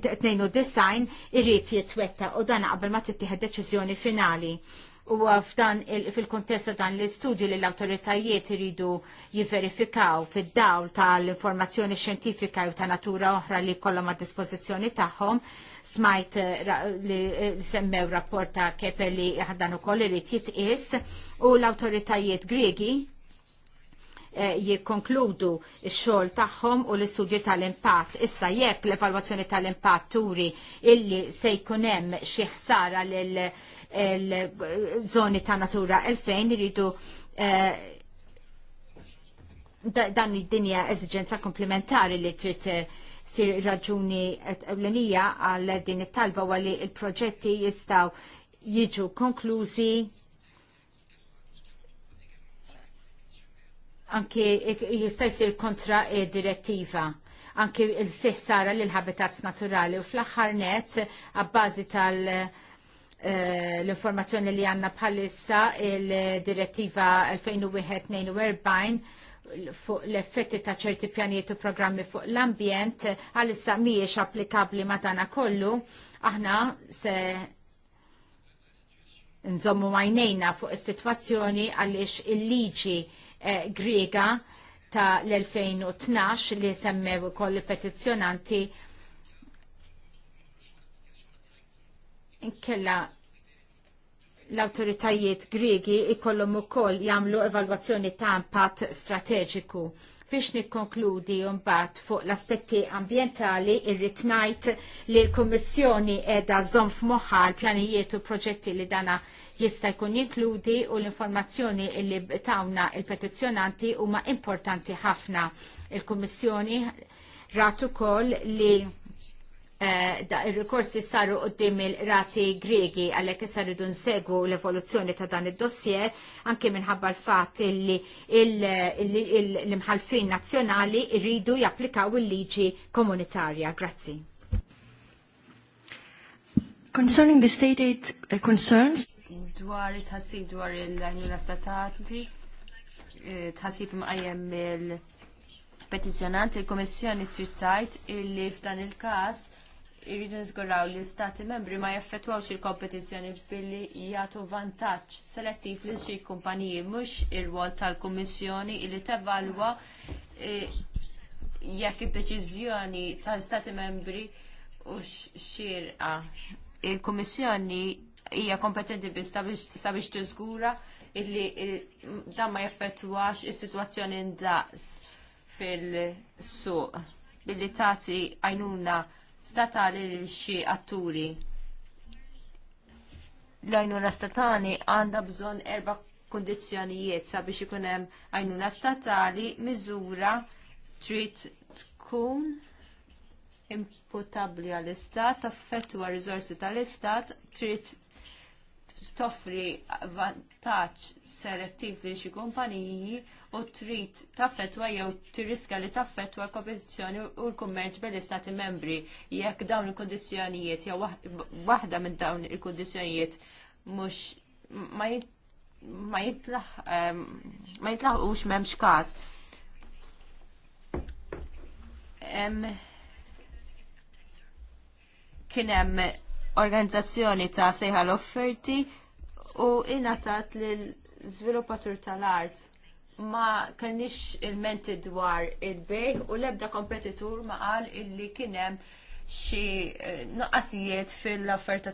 92 eh, irrit jitwetta u dan qabel ma tittieħed deċiżjoni finali u f'dan fil-kontesta dan l-istudju li l-autoritajiet iridu jiverifikaw fid-dawl tal-informazzjoni xjentifika u ta' natura oħra li kollom għad dispożizzjoni tagħhom smajt eh, li eh, semmew rapport ta' Kepe li u ukoll irid jitqis u l-awtoritajiet gregi. Eh, jikkonkludu x-xogħol tagħhom u l-istudju tal-impatt. Issa jekk l-evalwazzjoni tal-impatt turi illi se jkun hemm xi ħsara lil żoni ta' natura 2000 iridu eh, dan id-dinja eżigenza komplementari li trid eh, sir raġuni ewlenija għal din it-talba għalli il-proġetti jistaw jiġu konklużi anki jista' jsir kontra direttiva anki il-sihsara l-habitats naturali u fl-aħħar net għabbażi tal- eh, l-informazzjoni li għanna bħalissa il-direttiva 2001-42 fuq l-effetti ta' ċerti pjanijiet u programmi fuq l-ambjent għalissa miex applikabli madana kollu aħna se nżommu majnejna fuq is-sitwazzjoni għaliex il-liġi il liġi Eh, Griega ta' l-2012 li semmew ukoll petizzjonanti kella l-autoritajiet Griegi ikollhom ukoll jagħmlu evalwazzjoni ta' impatt strateġiku Biex nikkonkludi mbagħad fuq l-aspetti ambientali irrid ngħid li l-Kummissjoni qiegħda żomm f'moħħa l-pjanijiet u proġetti li dana jista' jkun jinkludi u l-informazzjoni li tawna il-petizzjonanti huma importanti ħafna. Il-Kummissjoni ratu ukoll li Eh, da il-rikorsi saru qoddim il-rati gregi għalek issa rridu segu l-evoluzzjoni ta' dan id-dossier anke minħabba l-fat li l-imħalfin nazzjonali rridu japplikaw il-liġi komunitarja. Grazzi. Concerning the state aid uh, concerns, dwar tħassib dwar il-għajnuna statali, eh, tħassib imqajjem il-petizjonant, il-Komissjoni trittajt li f'dan il-kas irridu nżguraw li stati membri ma jaffettwawx il-kompetizzjoni billi jagħtu vantaġġ selettiv lil xi kumpaniji mhux ir-rwol tal-Kummissjoni li tevalwa e, jekk id-deċiżjoni tal-Stati membri u xirqa. Il-Kummissjoni hija kompetenti biss sabiex tiżgura illi e, dan ma jaffettwax is-sitwazzjoni ndaqs fil-suq billi tagħti għajnuna statali lil xi atturi. L-għajnuna statali għandha bżonn erba' kundizzjonijiet sabiex ikun hemm għajnuna statali miżura trid tkun imputabbli għall-istat, taffettwa rizorsi tal-istat, trid toffri vantaġġ selettiv li xi kumpaniji u trid taffetwa jew tirriska li taffetwa l-kompetizzjoni u l-kummerċ bel-istati membri jekk dawn il kondizjonijiet jew waħda minn dawn il kondizjonijiet mhux ma jitlaħqux m'hemmx każ. Kien hemm organizzazzjoni ta' sejħa l-offerti u inatat lil żviluppatur tal-art ma kenix il-menti dwar il-bej u l-ebda kompetitur ma qal illi kien hemm xi eh, nuqqasijiet fil-offerta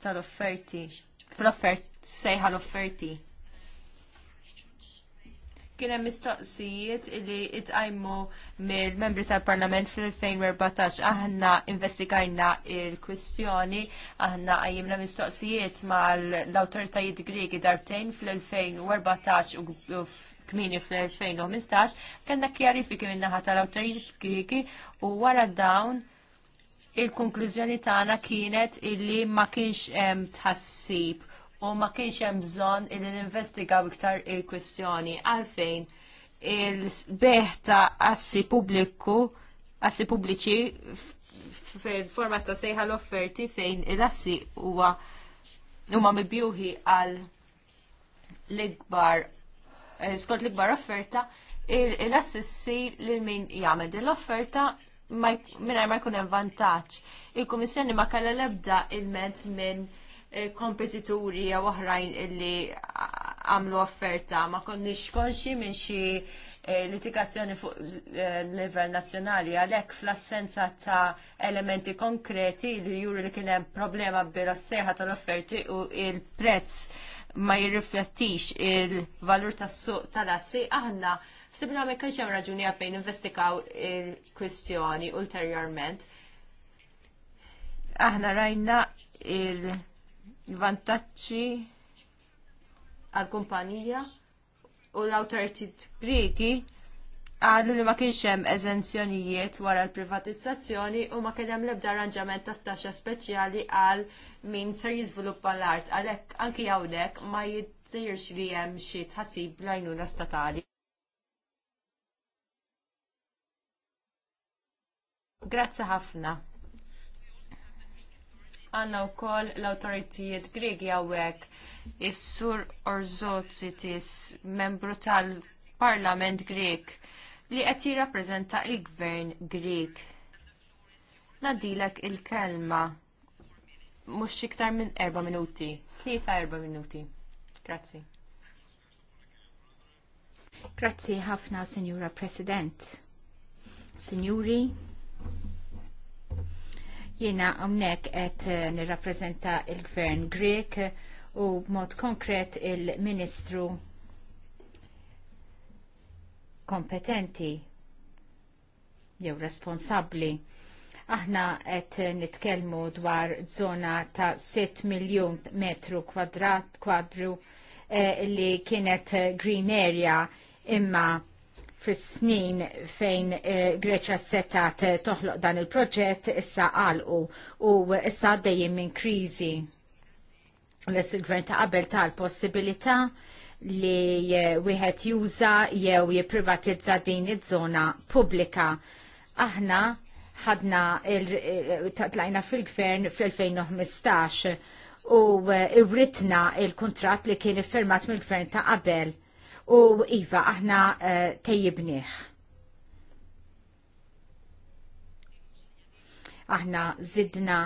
tal-offerti fil-offert sejħa l-offerti. Kien hemm mistoqsijiet li għajmu mill-membri tal-Parlament fil-2014 aħna investigajna il-kwistjoni, aħna għajjimna mistoqsijiet mal l-awtoritajiet Griegi darbtejn fil-2014 u kmini fl-2015 kellna kjarifiki min-naħa tal-awtorijiet Griki u wara dawn il-konklużjoni tagħna kienet illi ma kienx hemm tħassib u ma kienx hemm bżonn illi ninvestigaw iktar il-kwestjoni għalfejn il-beħ ta' assi pubbliku assi pubbliċi fil-forma ta' sejħa l-offerti fejn il-assi huwa huma mibjuħi għal l-ikbar Eh, skont l-ikbar offerta, l-assissi l-min jgħamil l-offerta minna ma jkun hemm vantaġġ. Il-Kummissjoni ma kellha l-ebda il-ment minn eh, kompetituri jew oħrajn illi għamlu offerta ma konniex konxi minn xi eh, litigazzjoni fuq level nazzjonali għalhekk fl-assenza ta' elementi konkreti li juri li kien hemm problema bil assejħa tal-offerti u il-prezz ma jirriflettix il-valur tas-suq tal-assi, aħna sibna me kħanxem hemm raġuni għalfejn investikaw il-kwistjoni ulterjorment. Aħna rajna il-vantaġġi għall-kumpanija u l-awtoritit Griegi għallu li ma kienx hemm eżenzjonijiet wara l-privatizzazzjoni u ma kien hemm l-ebda arranġament ta' taxxa speċjali għal min ser jiżviluppa l-art għalhekk anki hawnhekk ma jidhirx li hemm xi tħassib l-għajnuna statali. Grazzi ħafna. Għanna u koll l-autoritijiet Gregi għawek, is-sur Orzozitis, membru tal-Parlament Grek li qed jirrappreżenta l gvern Grieg. Nadilek il-kelma mhux iktar minn erba' minuti, tlieta erba' minuti. Grazzi. Grazzi ħafna, Sinjura President. Sinjuri, jiena hawnhekk qed eh, nirrappreżenta l gvern Grek u b'mod konkret il-Ministru kompetenti jew responsabbli. Aħna qed nitkellmu dwar żona ta' 6 miljun metru kwadrat kwadru eh, li kienet green area imma fis-snin fejn eh, Greċja setat toħloq dan il-proġett issa għalqu u issa dejjem minn kriżi. L-gvern ta' qabel tal possibilità li eh, wieħed juża jew jipprivatizza din iż-żona pubblika. Aħna ħadna eh, tatlajna fil-gvern fl-2015 u eh, irritna il-kontrat li kien iffirmat mill-gvern ta' qabel u iva aħna tejjibnieh. Aħna zidna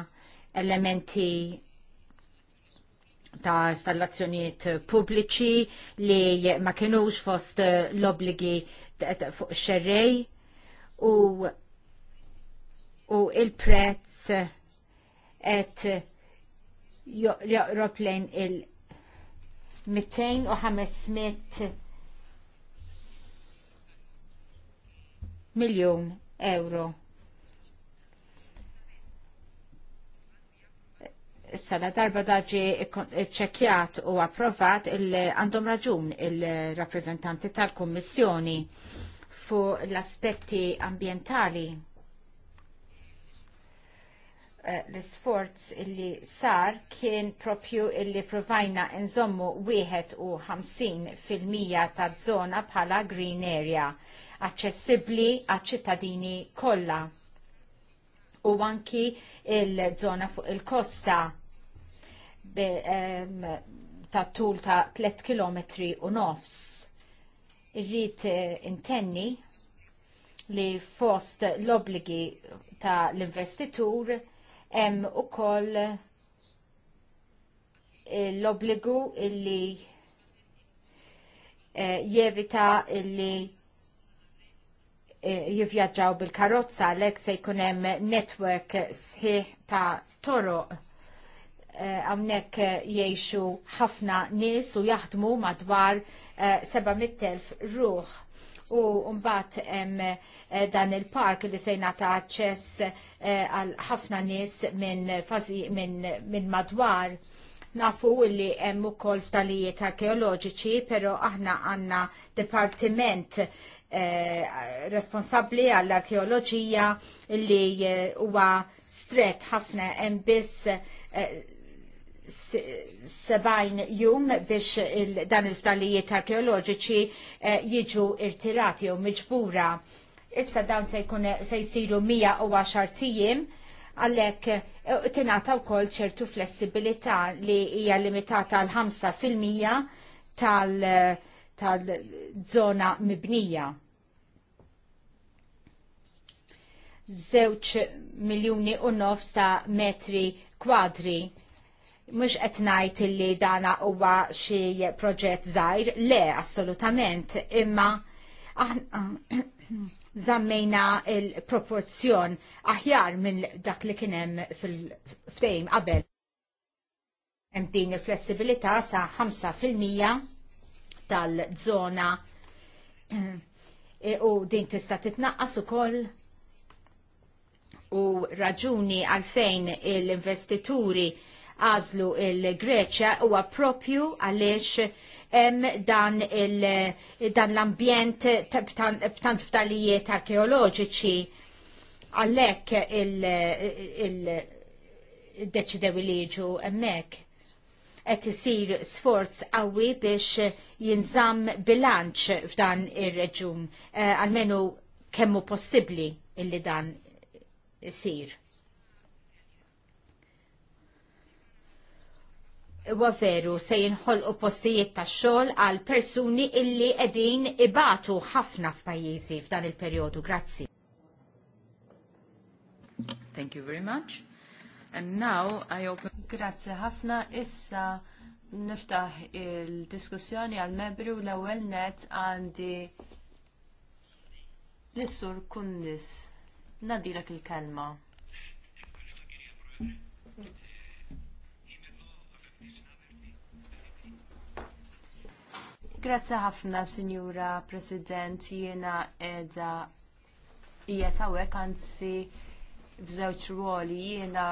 elementi ta' installazzjonijiet pubbliċi li ma kienux fost eh, l-obligi fuq xerrej u, u il-prezz et joqrob lejn il-200 u 500 miljon euro. Issa darba daġi ċekjat u approvat għandhom raġun il-rappresentanti tal-Kommissjoni fu l-aspetti ambientali eh, l-sforz illi sar kien propju illi provajna nżommu 51% ta' zona bħala green area, aċċessibbli għal ċittadini kollha. U anki il-żona fuq il-kosta ta' tul ta' 3 km u nofs. Irrit eh, intenni li fost l-obligi ta' l-investitur hemm ukoll eh, l-obligu illi eh, jevita illi jivjaġġaw bil-karozza l-ek se jkunem network sħiħ ta' toroq Eh, eh, għamnek jiexu ħafna nis u jaħdmu madwar 700.000 eh, ruħ. U mbagħad hemm dan il-park li se jingħata aċċess għal ħafna nies minn minn madwar. Nafu li hemm ukoll ftalijiet arkeoloġiċi, però aħna għandna dipartiment responsabbli għall-arkeoloġija li huwa stret ħafna hemm biss sebajn jum biex dan il-fdalijiet arkeoloġiċi eh, jiġu irtirati u miġbura. Issa dan se jkun se jsiru 110 tijiem għalhekk eh, tingħata wkoll ċertu flessibilità li hija limitata għal 5% tal tal-żona mibnija. Zewċ miljoni u nofs ta' metri kwadri mux etnajt li dana huwa xie proġett zaħir, le, assolutament, imma zammejna [coughs] il-proporzjon aħjar minn dak li kienem fil-ftejm qabel. Hemm din il-flessibilità sa' 5% tal-żona e, u din tista' titnaqqas ukoll u raġuni għalfejn l-investituri għażlu il-Greċja huwa propju għaliex hemm dan l-ambjent tant ftalijiet arkeoloġiċi għalhekk il-deċidew li jiġu hemmhekk qed isir sforz qawwi biex jinżamm bilanċ f'dan ir reġjun eh, għalmenu kemmu possibbli illi dan isir. Wa veru se jinħolqu postijiet ta' xogħol għal persuni illi qegħdin ibatu ħafna f'pajjiżi f'dan il-perjodu. Grazzi. Thank you very much. And now I open Grazzi ħafna issa niftaħ il-diskussjoni għal membri u l-ewwel net għandi l-sur Kundis. Nadilak il-kelma. Grazzi ħafna, Signora President, jiena edha jiet hawnhekk anzi f'żewġ ruoli jiena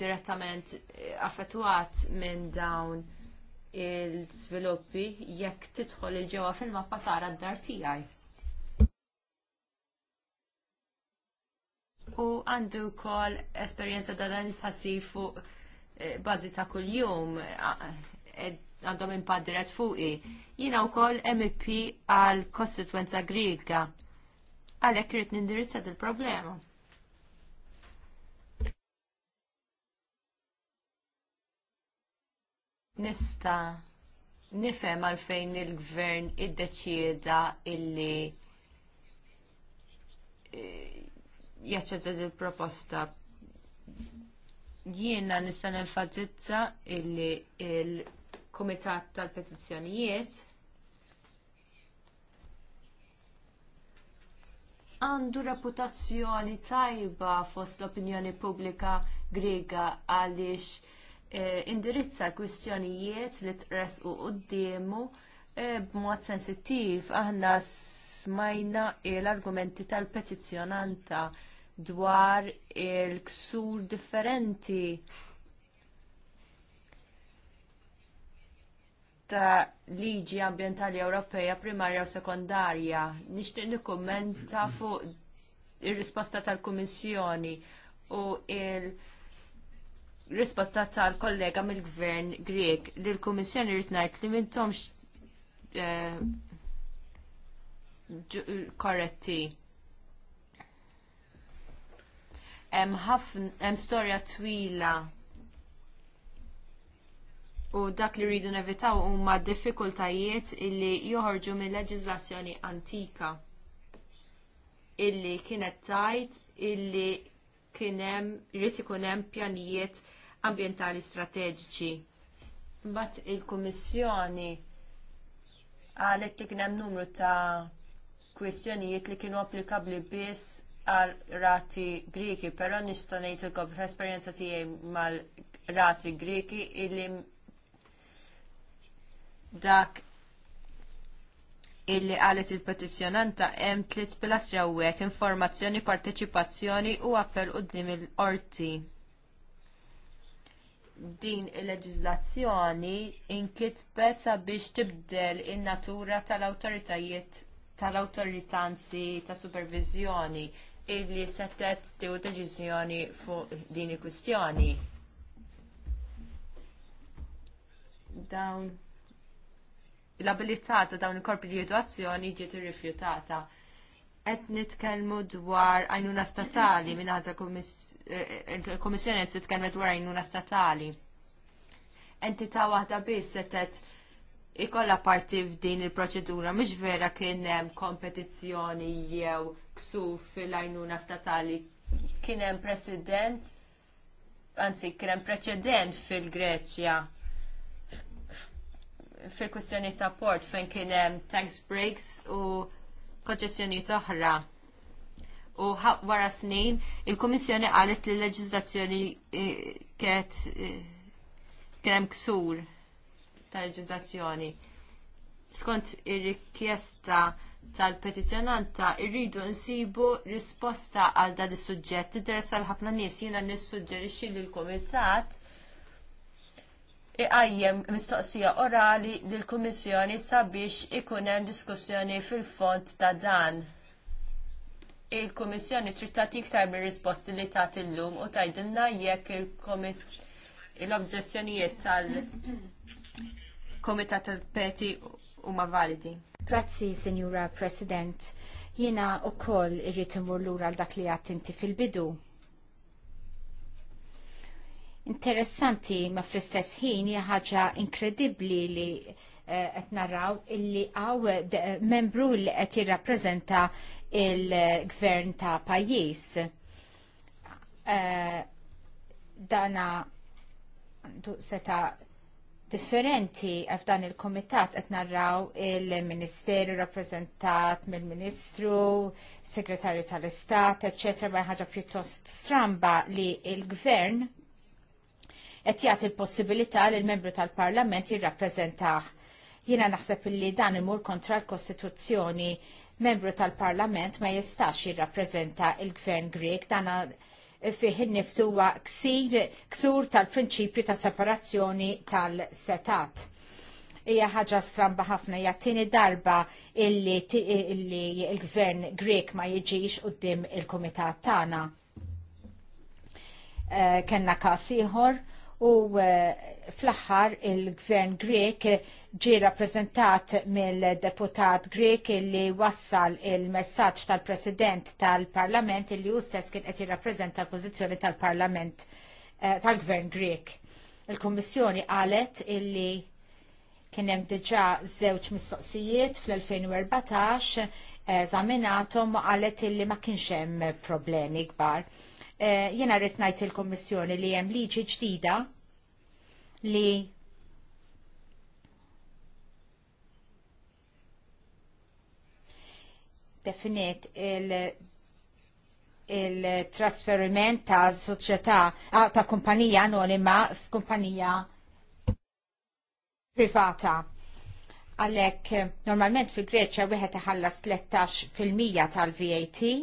direttament eh, affettwat minn dawn il-sviluppi jekk tidħol il-ġewwa fil-mappa tara d-dar tijaj. U għandu wkoll esperjenza da dan it fuq eh, bażi ta' kuljum eh, għandhom impad dirett fuqi. u koll MEP għal kostituenza Griega. Għalhekk irid nindirizza il problema Nista nifhem għalfejn il-gvern iddeċieda illi eh, jaċċetta il-proposta jiena nista' nenfatizza illi il Kumitat tal-Petizzjonijiet għandu reputazzjoni tajba fost l-opinjoni pubblika Griega għaliex eh, indirizza l-kwistjonijiet li tres u eh, b'mod sensittiv aħna smajna l-argumenti tal-petizzjonanta dwar il-ksur differenti ta' liġi ambjentali Ewropeja primarja u sekondarja. Nixtieq nikkummenta fuq ir-risposta tal-Kummissjoni u il- risposta tal-kollega mill-gvern Grek li l-Kummissjoni rrid ngħid li m'intomx eh, korretti. Hemm ħafna hemm storja twila u dak li rridu nevitaw huma diffikultajiet illi joħorġu mill leġiżlazzjoni antika illi kienet tajt illi hemm rrit ikun hemm pjanijiet ambjentali strateġiċi. Mbagħad il-Kummissjoni qalet li kien hemm numru ta' kwistjonijiet li kienu applikabbli biss għal rati Griki, però nixtonejt il-kom esperjenza tiegħi mal-rati Griki illi dak illi qalet il-petizjonanta hemm tliet pilastri hawnhekk informazzjoni, parteċipazzjoni u appell quddiem il-qorti. Din il-leġiżlazzjoni inkitbet sabiex tibdel in-natura tal-awtoritajiet tal-awtoritanzi ta' supervizjoni illi setet tiegħu deċiżjoni fuq din il-kwistjoni. Dawn l-abilità ta' dawn il-korpi li edukazzjoni ġiet irrifjutata. Qed nitkellmu dwar għajnuna statali minn għadha eh, eh, il-Kummissjoni qed titkellmet dwar għajnuna statali. Entità waħda biss setet ikolla parti f'din il-proċedura mux vera kien hemm kompetizzjoni jew ksuf fil-għajnuna statali kien hemm president anzi kien hemm preċedent fil-Greċja fil kwestjoni ta' port fejn kien hemm tax breaks u konċessjoni oħra. U wara snin, il-Kummissjoni qalet li l-leġiżlazzjoni eh, kienet eh, kien hemm ksur ta' leġiżlazzjoni. Skont ir-rikjesta tal-petizjonanta irridu nsibu risposta għal dan is-suġġett. Interessa ħafna nies jiena nissuġġerixxi lill kumitat iqajjem mistoqsija orali lill-Kummissjoni sabiex ikun hemm diskussjoni fil-fond ta' dan. Il-Kummissjoni trid tagħti iktar mir-risposti li tagħt illum u tgħidilna jekk l-obġezzjonijiet tal-Komitat tal-Peti huma validi. Grazzi, Sinjura President. Jiena wkoll irrid imur lura għal dak li għattinti fil-bidu Interessanti ma fl-istess ħin hija ħaġa inkredibbli li eh, qed naraw illi għaw membru li qed jirrappreżenta il-gvern ta' pajjiż. Eh, dana għandu seta differenti f'dan il-komitat qed narraw il-Ministeru rappreżentat mill-Ministru, Segretarju tal-Istat, eċċetera, ma ħaġa pjuttost stramba li il-Gvern qed jagħti l-possibilità li l-membru tal-Parlament jirrappreżentah. Jiena naħseb illi dan imur kontra l-Kostituzzjoni membru tal-Parlament ma jistax jirrappreżenta il-Gvern Grek dan fih innifsu huwa ksur tal-prinċipju ta' separazzjoni tal-setat hija ħaġa stramba ħafna jattini darba illi il-gvern Grek ma jiġix qudiem il-kumitat tagħna. Eh, kenna każ ieħor u eh, fl-aħħar il-gvern Grek ġi rappresentat mill-deputat Grek li wassal il-messaġġ tal-President tal-Parlament li hu stess kien qed jirrappreżenta l-pożizzjoni tal-Parlament eh, tal-Gvern Grek. Il-Kummissjoni qalet illi kien hemm diġà żewġ mistoqsijiet fl-2014 eh, eżaminatom qalet illi ma kienx hemm problemi kbar Eh, Jena rritnajt ngħid il-Kummissjoni li hemm liġi ġdida li definiet il- il-trasferiment ta' soċjetà ah, ta' kumpanija anonima f'kumpanija privata. Għalhekk normalment fil-Greċja wieħed iħallas 13% tal-VAT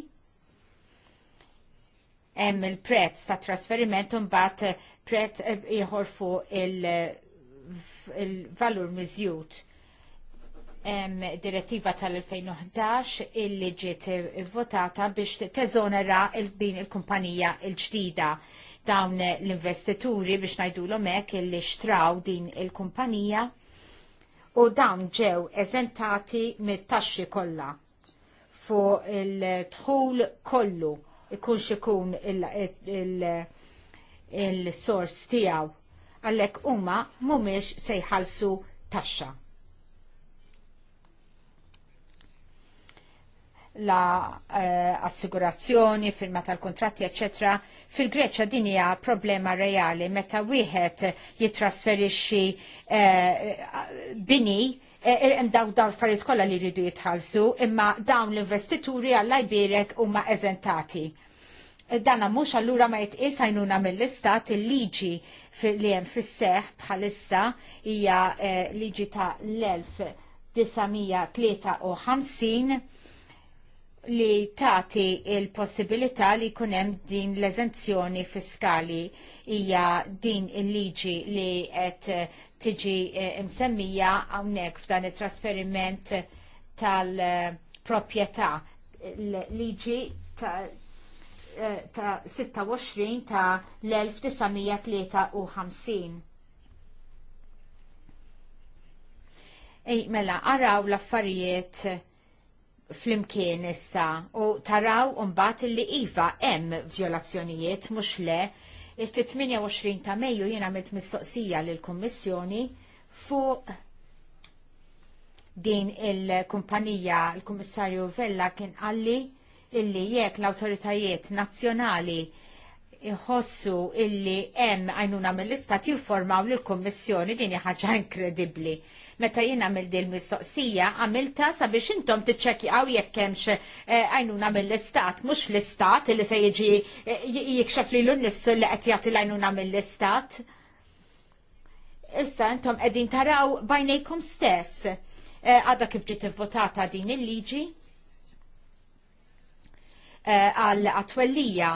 hemm il-prezz ta' trasferiment u mbagħad eh, prezz eh, ieħor fuq il-valur eh, miżjud. Hemm direttiva tal-2011 illi ġiet votata biex teżonera il din il-kumpanija l ġdida dawn l-investituri biex ngħidulhom hekk illi xtraw din il-kumpanija u dawn ġew eżentati mit-taxxi kollha fuq il-dħul kollu ikun xikun il-sors tijaw. Għallek huma mumiex se jħallsu taxxa. la uh, assigurazzjoni, firma tal-kontratti, etc. Fil-Greċa din hija problema reali meta wieħed jitrasferixxi uh, bini E, e, hemm daw daw l-affarijiet kollha li jridu jitħallsu, imma dawn l-investituri għalla jbierek huma eżentati e, dana mux allura ma jitqis għajnuna mill-istat il-liġi li jem fisseħ bħalissa hija liġi ta' l-1953 li tati il-possibilità li kunem din l-eżenzjoni fiskali hija din il-liġi li qed eh, tiġi eh, msemmija hawnhekk f'dan it-trasferiment tal-proprjetà liġi ta' eh, ta' 26 ta' l-1953. Ej, mela, araw l-affarijiet flimkien issa u taraw umbat li iva hemm violazzjonijiet mhux le fit-28 ta' Mejju jien għamilt mistoqsija lill kummissjoni fuq din il-kumpanija l-Kummissarju Vella kien għalli illi jekk l-awtoritajiet nazzjonali iħossu illi hemm għajnuna mill-istat jinformaw lill-Kummissjoni din ħaġa inkredibbli. Meta jien għamil din mistoqsija għamilta sabiex intom tiċċekkjaw jekk hemmx eh, għajnuna mill-istat, mhux l-istat li se jiġi eh, li l nnifsu li qed jagħti l-għajnuna mill-istat. Issa intom qegħdin taraw bajnejkom stess eh, għadha kif ġiet votata din il-liġi għal għatwellija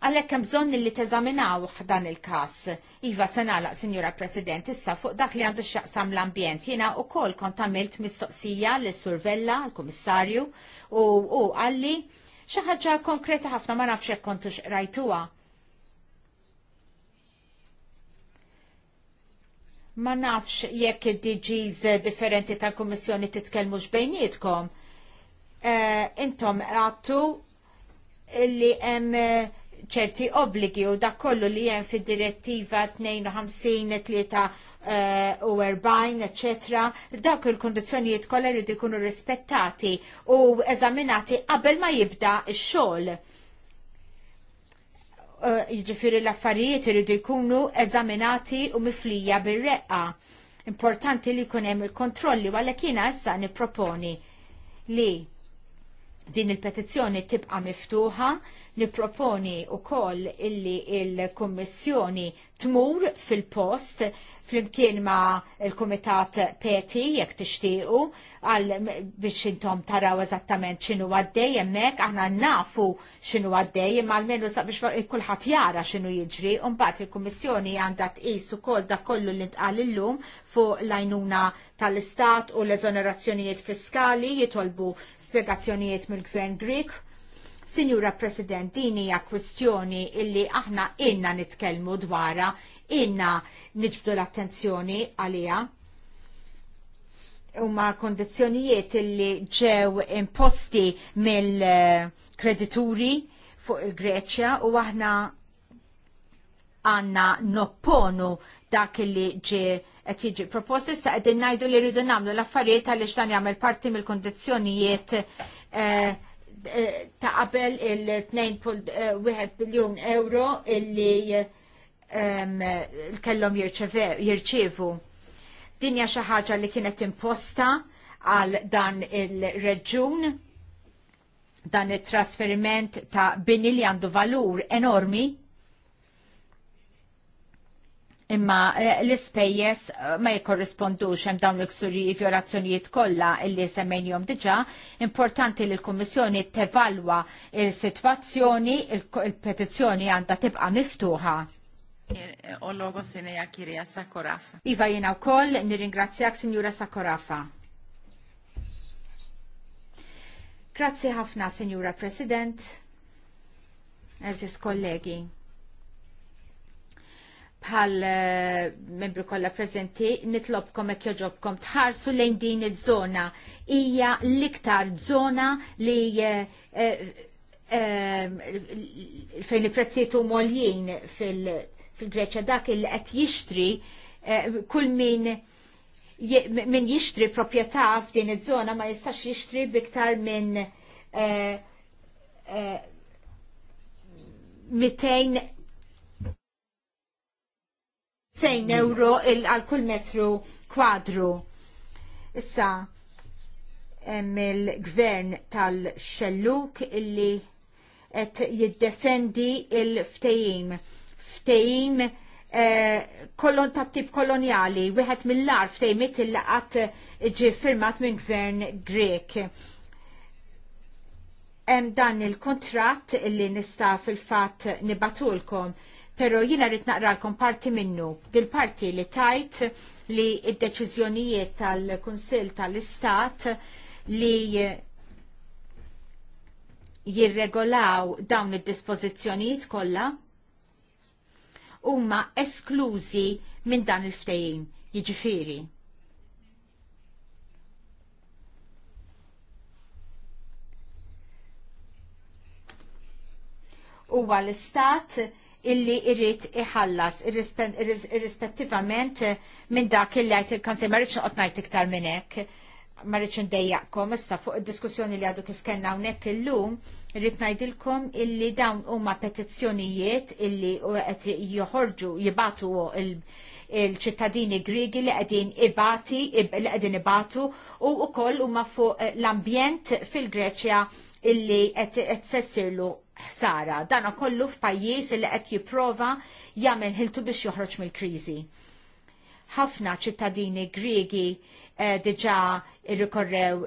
Għalhekk hemm bżonn li teżaminaw dan il-każ. Iva se nagħlaq, Sinjura President, issa fuq dak li għandu x'jaqsam l-ambjent. Jiena wkoll kont għamilt mistoqsija lis survella l-Kummissarju u għalli xi ħaġa konkreta ħafna ma nafx kontu kontux rajtuha. ma nafx jekk id-DGs differenti tal komissjoni titkellmux bejnietkom. Eh, intom għattu li hemm eh, ċerti obbligi u dak kollu li hemm fid-direttiva 52 u 40, eh, etc. Dak il-kondizjonijiet kollha jridu jkunu rispettati u eżaminati qabel ma jibda x-xogħol. Eh, jiġifieri l-affarijiet iridu jkunu eżaminati u miflija bir-reqqa. Importanti li jkun hemm il-kontrolli għalhekk jiena issa nipproponi li din il-petizzjoni tibqa miftuħa, niproponi u koll illi il-Kommissjoni tmur fil-post flimkien ma' il-Kumitat Peti, jekk tixtiequ, għal biex intom taraw eżattament x'inhu għaddej hemmhekk, aħna nafu x'inhu għaddej, imma sa' biex kulħadd jara x'inhu jiġri, u mbagħad il-Kummissjoni għandha tqis ukoll da kollu li ntqal illum fuq l lajnuna tal-Istat u l ezonerazzjonijiet fiskali jitolbu spjegazzjonijiet mill-Gvern Grik Sinjura President, din hija kwistjoni illi aħna inna nitkellmu dwara, inna niġbdu l-attenzjoni għaliha huma kondizjonijiet illi ġew imposti mill-kredituri fuq il-Greċja u aħna għanna nopponu dak li ġi qed proposti sa qegħdin ngħidu li rridu nagħmlu l-affarijiet għaliex dan jagħmel parti mill kondizjonijiet eh, ta' qabel il-2.1 biljun euro illi kellhom jirċievu. Dinja xi ħaġa li kienet imposta għal dan il-reġun dan it-trasferiment ta' bini li għandu valur enormi imma eh, l-ispejjes eh, ma jikorrispondux hemm dawn l-iksuri violazzjonijiet kollha illi semmenjom diġà, importanti li l-Kummissjoni tevalwa il-sitwazzjoni, il-petizzjoni għandha tibqa' miftuħa. Iva jiena wkoll nirringrazzjak Sinjura Sakorafa. Grazzi ħafna, Sinjura President, eżis kollegi bħal eh, membru kollha prezenti nitlobkom e kjoġobkom tħarsu lejn din id-zona. hija l-iktar li eh, eh, fejn il-prezzijiet u moljien fil-Greċja dak il qed jixtri kull min min jixtri proprjetà f'din il-zona ma jistax jixtri biktar minn 200 2 euro għal kull metru kwadru. Issa, hemm il-gvern tal-xelluk illi qed jiddefendi il-ftejim. Ftejim eh, kollon ta' tip koloniali, wieħed mill-ar ftejmit il qatt ġi firmat minn gvern Grek hemm dan il kuntratt illi nista' fil-fatt nibatulkom pero jina rrit naqralkom parti minnu. Dil-parti li tajt li id-deċizjonijiet tal-Kunsil tal-Istat li jirregolaw dawn id-dispożizzjonijiet kollha huma esklużi minn dan il-ftehim, jiġifieri. Huwa l-istat illi irrit iħallas irrispettivament eh, minn dak illi għajt il-kansil marriċ noqot iktar minn hekk. Marriċ ndejjaqkom issa fuq id-diskussjoni li għadu kif kellna hawnhekk illum, irrid ngħidilkom illi dawn huma petizzjonijiet illi qed joħorġu jibatu il-ċittadini Grigi li qegħdin ibati li qegħdin ibatu u wkoll huma fuq l-ambjent fil-Greċja illi qed sessirlu ħsara. Dana kollu f'pajjiż li qed jipprova jagħmel ħiltu biex joħroġ mill-kriżi. Ħafna ċittadini Griegi eh, diġà rrikorrew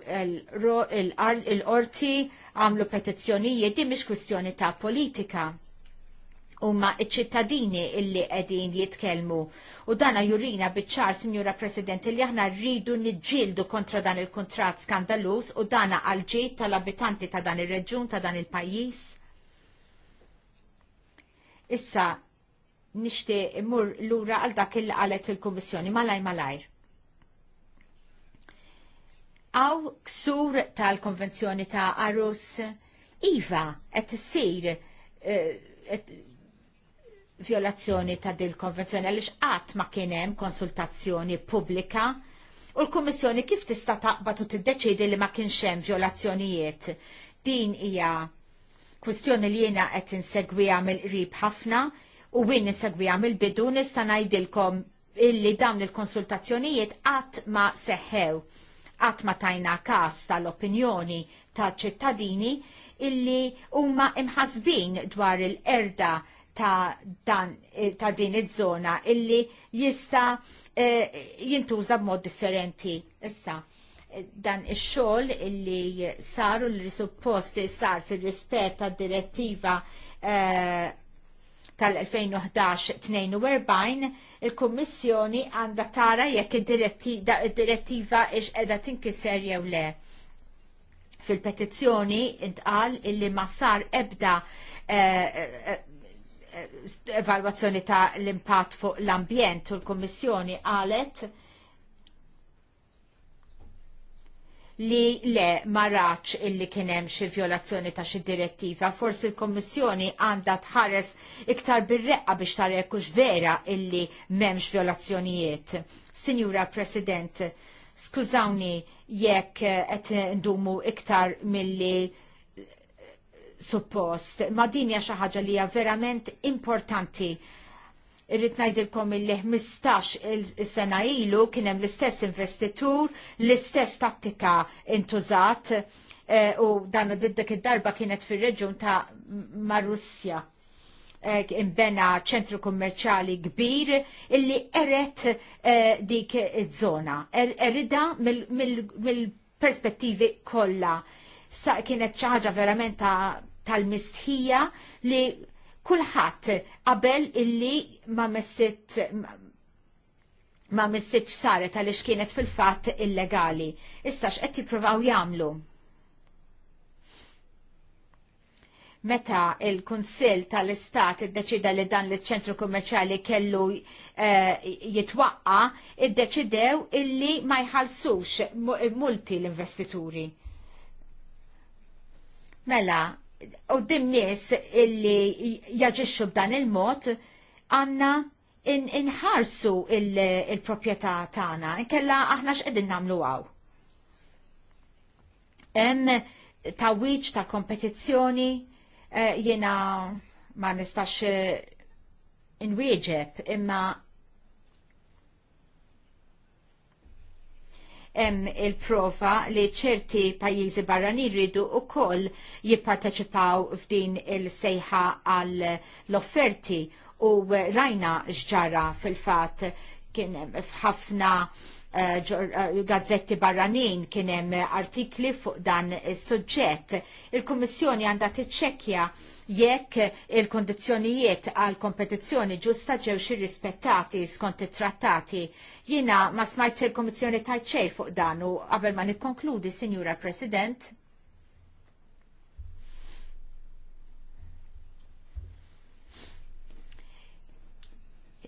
il-qorti, għamlu petizzjonijiet, di mhix kwistjoni ta' politika umma iċ-ċittadini illi qegħdin jitkellmu. U dana jurina biċ-ċar, Sinjura President, li aħna rridu niġġieldu kontra dan il kuntratt skandalus u dana għal-ġid tal-abitanti ta' dan ir reġjun ta' dan il-pajjiż. Issa nixti immur lura għal dak il qalet il-Kummissjoni malaj malajr. Għaw ksur tal-Konvenzjoni ta' Arus Iva qed issir eh, violazzjoni ta' dil konvenzjoni għaliex qatt ma kien hemm konsultazzjoni pubblika u l-Kummissjoni kif tista' taqbad u t-deċidi li ma kienx hemm violazzjonijiet. Din hija kwistjoni li jiena qed insegwiha mill-qrib ħafna u win insegwiha mill-bidu nista' ngħidilkom illi dawn il-konsultazzjonijiet qatt ma seħħew qatt ma tajna każ tal-opinjoni ta' ċittadini illi huma imħasbin dwar il-erda ta', dan, ta din iż-żona illi jista' eh, jintuża b'mod differenti. Issa, dan ix-xogħol illi saru li suppost sar fir-rispett tad-direttiva eh, tal-2011-42 il-Kummissjoni għandha tara jekk id-direttiva ix edha tinkiser jew le. Fil-petizzjoni intqal illi ma sar ebda eh, eh, evalwazzjoni ta' l-impatt fuq l-ambjent u l-Kummissjoni qalet li le marraċ illi kienem xi violazzjoni ta' xi direttiva, forsi l-Kommissjoni għandha tħares iktar bir-reqqa biex tara jekkux vera illi m'hemmx violazzjonijiet. Signora President, skużawni jekk qed ndumu iktar milli suppost, ma din hija xi ħaġa li hija verament importanti irrit najdilkom il-15 il-sena ilu kienem l-istess investitur, l-istess tattika intużat e, u dan dik id-darba kienet fil-reġun ta' Marussja e, imbena ċentru kummerċali kbir illi eret e, dik iż-żona. Er, erida mill-perspettivi mil, kollha. Sa kienet ċaħġa verament ta' tal-mistħija li kulħadd qabel illi ma messit ma missitx saret għaliex kienet fil-fatt illegali. Istax, x'qed jippruvaw jagħmlu? Meta il-Kunsill tal-Istat iddeċida li dan l-ċentru kummerċali kellu uh, jitwaqqa, iddeċidew illi ma jħallsux multi l-investituri. Mela, u nies illi jaġixxu b'dan il-mod għanna inħarsu in il-propieta il tagħna, inkella aħna x'qegħdin namlu għaw. Hemm tawiċ ta' kompetizzjoni eh, jiena ma nistax eh, inwieġeb imma hemm il-prova li ċerti pajjiżi barranin jridu wkoll jipparteċipaw f'din il-sejħa għal l-offerti u rajna xġara fil-fatt kien f'ħafna eh, eh, gazzetti barranin kien hemm artikli fuq dan is-suġġett. Il-Kummissjoni għandha tiċċekkja jekk il-kondizjonijiet għal kompetizzjoni ġusta ġew rispettati skont it-trattati. Jiena ma smajt il kummissjoni tajt xejn fuq dan u qabel ma nikkonkludi, Sinjura President,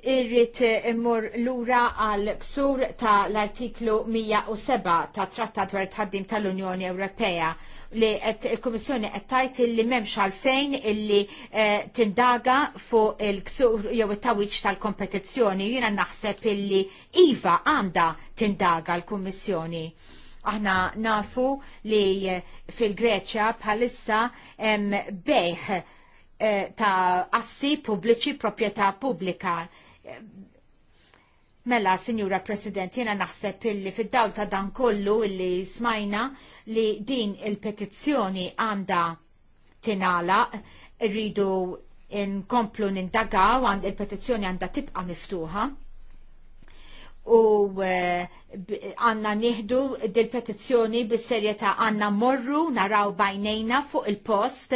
irrit immur lura għal ksur ta' l-artiklu 107 ta' Trattat dwar tħaddim tal-Unjoni Ewropea li il komissjoni qed tajt li m'hemmx għalfejn illi eh, tindaga fuq il-ksur jew it-tawiċ tal-kompetizzjoni. Jiena naħseb illi iva għandha tindaga l-Kummissjoni aħna nafu li eh, fil-Greċja bħalissa beħ eh, ta' assi pubbliċi proprjetà pubblika Mela, Sinjura President, jena naħseb illi fid-dawl ta' dan kollu illi smajna li din il-petizzjoni għanda tinala, rridu nkomplu nindagaw għand il-petizzjoni għanda tibqa miftuħa u eh, għanna nieħdu dil petizzjoni bis-serjetà għanna morru naraw bajnejna fuq il-post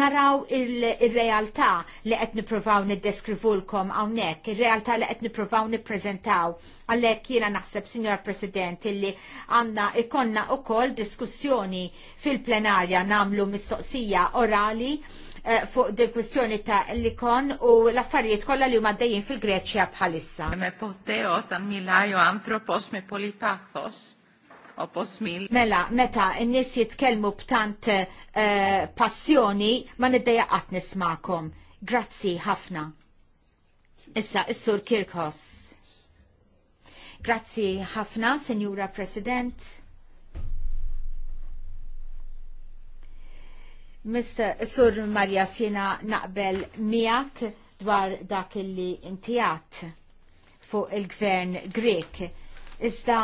naraw il-realtà li qed nippruvaw niddeskrivulkom hawnhekk, ir-realtà li qed nippruvaw nippreżentaw. Għalhekk jiena naħseb, Sinjor President, illi għandna ikonna ukoll diskussjoni fil-plenarja namlu mistoqsija orali Eh, fuq di kwistjoni ta' l-ikon u l-affarijiet kollha li huma dejjin fil-Greċja bħalissa. Me tan milajo antropos me Mela, meta n-nis jitkelmu b'tant eh, passjoni ma niddejaqat nismakom. Grazzi ħafna. Issa, is-Sur Kirkos. Grazzi ħafna, Senjura President. Miss Sur Marja Sina naqbel miegħek dwar dak illi intijat fuq il-gvern Grek. Iżda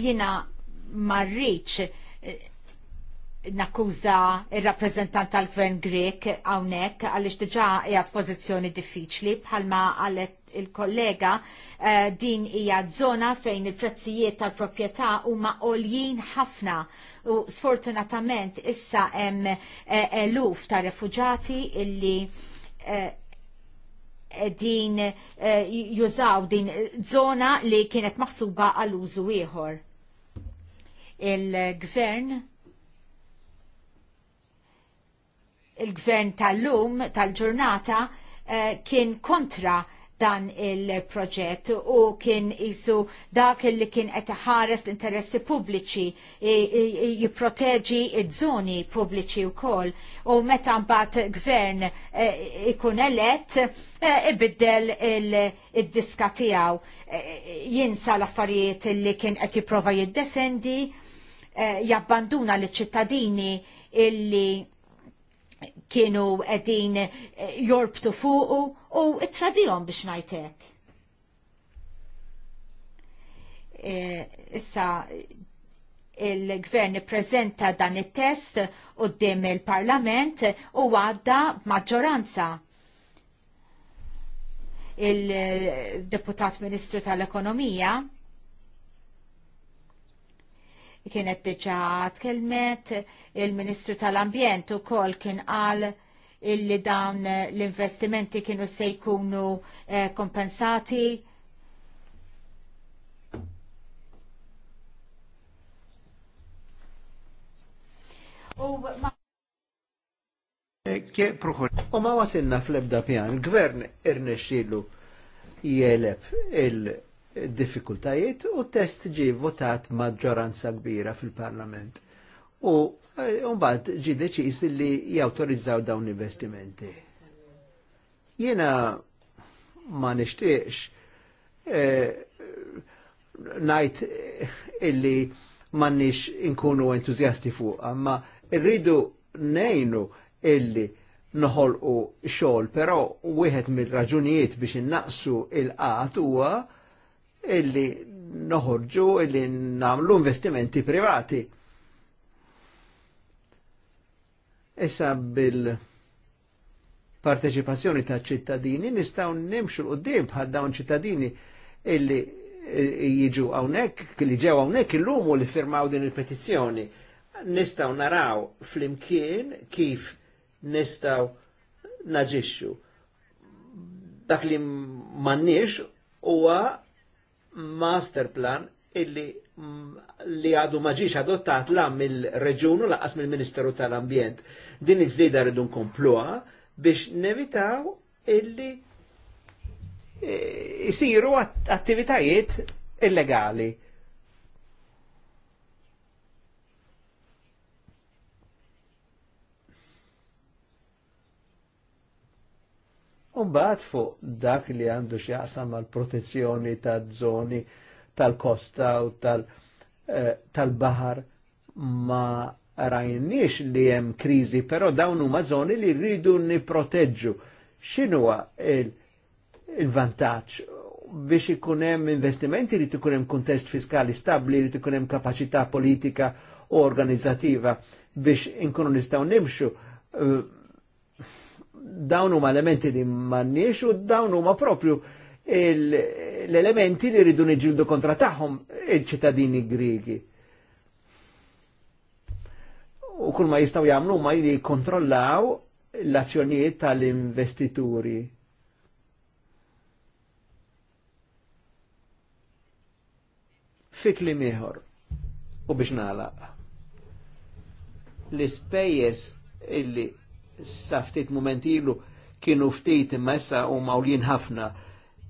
jina marriċ nakkuża il rappreżentant tal-Gvern Grek hawnhekk għaliex diġà qiegħed pożizzjoni diffiċli bħalma qalet il-kollega eh, din hija żona fejn il-prezzijiet tal-proprjetà huma għoljin ħafna u sfortunatament issa hemm eh, eluf ta' refuġati illi eh, din jużaw din żona li kienet maħsuba għal użu ieħor. Il-gvern il-gvern tal-lum, tal-ġurnata, eh, kien kontra dan il-proġett u kien jisu dak li kien qed ħares l-interessi pubbliċi jipproteġi iż żoni pubbliċi wkoll u meta mbagħad gvern eh, ikun elett eh, ibiddel id-diska tiegħu jinsa l-affarijiet li kien qed jipprova jiddefendi jabbanduna l-ċittadini illi kienu edin eh, jorbtu fuqu u it-tradijom biex najtek. Eh, issa il-gvern prezenta dan it-test u dim il-parlament u għadda maġġoranza il-deputat eh, ministru tal-ekonomija kienet diġa tkelmet, il-Ministru tal-Ambjent u kol kien qal illi dawn l-investimenti kienu se jkunu eh, kompensati. U ma wasilna fl-ebda pjan, gvern irnexxilu jeleb il- diffikultajiet u test ġi votat maġġoranza kbira fil-parlament. U mbagħad eh, ġi deċiż li jawtorizzaw dawn investimenti. Jiena ma nixtieqx eh, ngħid najt eh, illi mannix inkunu entuzjasti fuq, ma rridu nejnu illi noħolqu xogħol, però wieħed mill-raġunijiet biex innaqsu il-qat huwa illi noħorġu illi namlu investimenti privati. Issa bil parteċipazzjoni ta' ċittadini nistaw nimxu l-qoddim bħad dawn ċittadini illi eh, jiġu għawnek, li ġew għawnek il-lumu li firmaw din il-petizzjoni. Nistaw naraw fl-imkien kif nistaw naġixxu. Dak li mannix huwa master plan illi mm, li għadu maġiċ adottat la mill-reġunu laqqas mill-Ministeru tal-Ambjent. Din il-ġlida rridu nkompluha biex nevitaw illi jisiru eh, attivitajiet illegali Umbat fuq dak li għandu xieqsam għal protezzjoni ta' zoni tal-kosta u eh, tal-bahar ma rajniex li hemm krizi, però dawn huma zoni li rridu niproteġġu. X'inhuwa il-vantaġġ il biex ikun hemm investimenti li ikun hemm kuntest fiskali stabbli, li ikun hemm kapaċità politika u organizzativa biex inkunu nistgħu nimxu. Uh, dawn huma elementi li m'għandniex u dawn huma propju l-elementi li rridu niġildu kontra tagħhom il-ċittadini Griegi. U kull ma jistgħu jagħmlu huma li jikkontrollaw l-azzjonijiet tal-investituri. Fik li mieħor u biex nagħlaq. L-ispejjeż illi saftit momentilu kienu ftit imma issa u mawlin ħafna.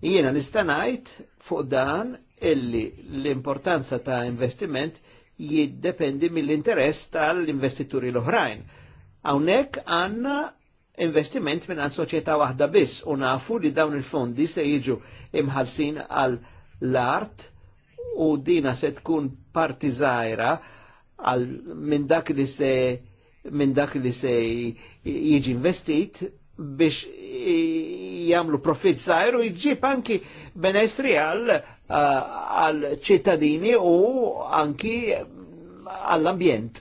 Jiena nistanajt fuq dan illi l-importanza ta' investiment jiddependi mill-interess tal-investituri l-oħrajn. Hawnhekk għandna investiment minn għand soċjetà waħda biss u nafu li dawn il-fondi se jiġu imħalsin għal l-art u dina se tkun parti zaħira għal minn dak li se minn dak li se jiġi investit biex jamlu profit u jġib anki benestri għal għal ċittadini u anki għall-ambjent.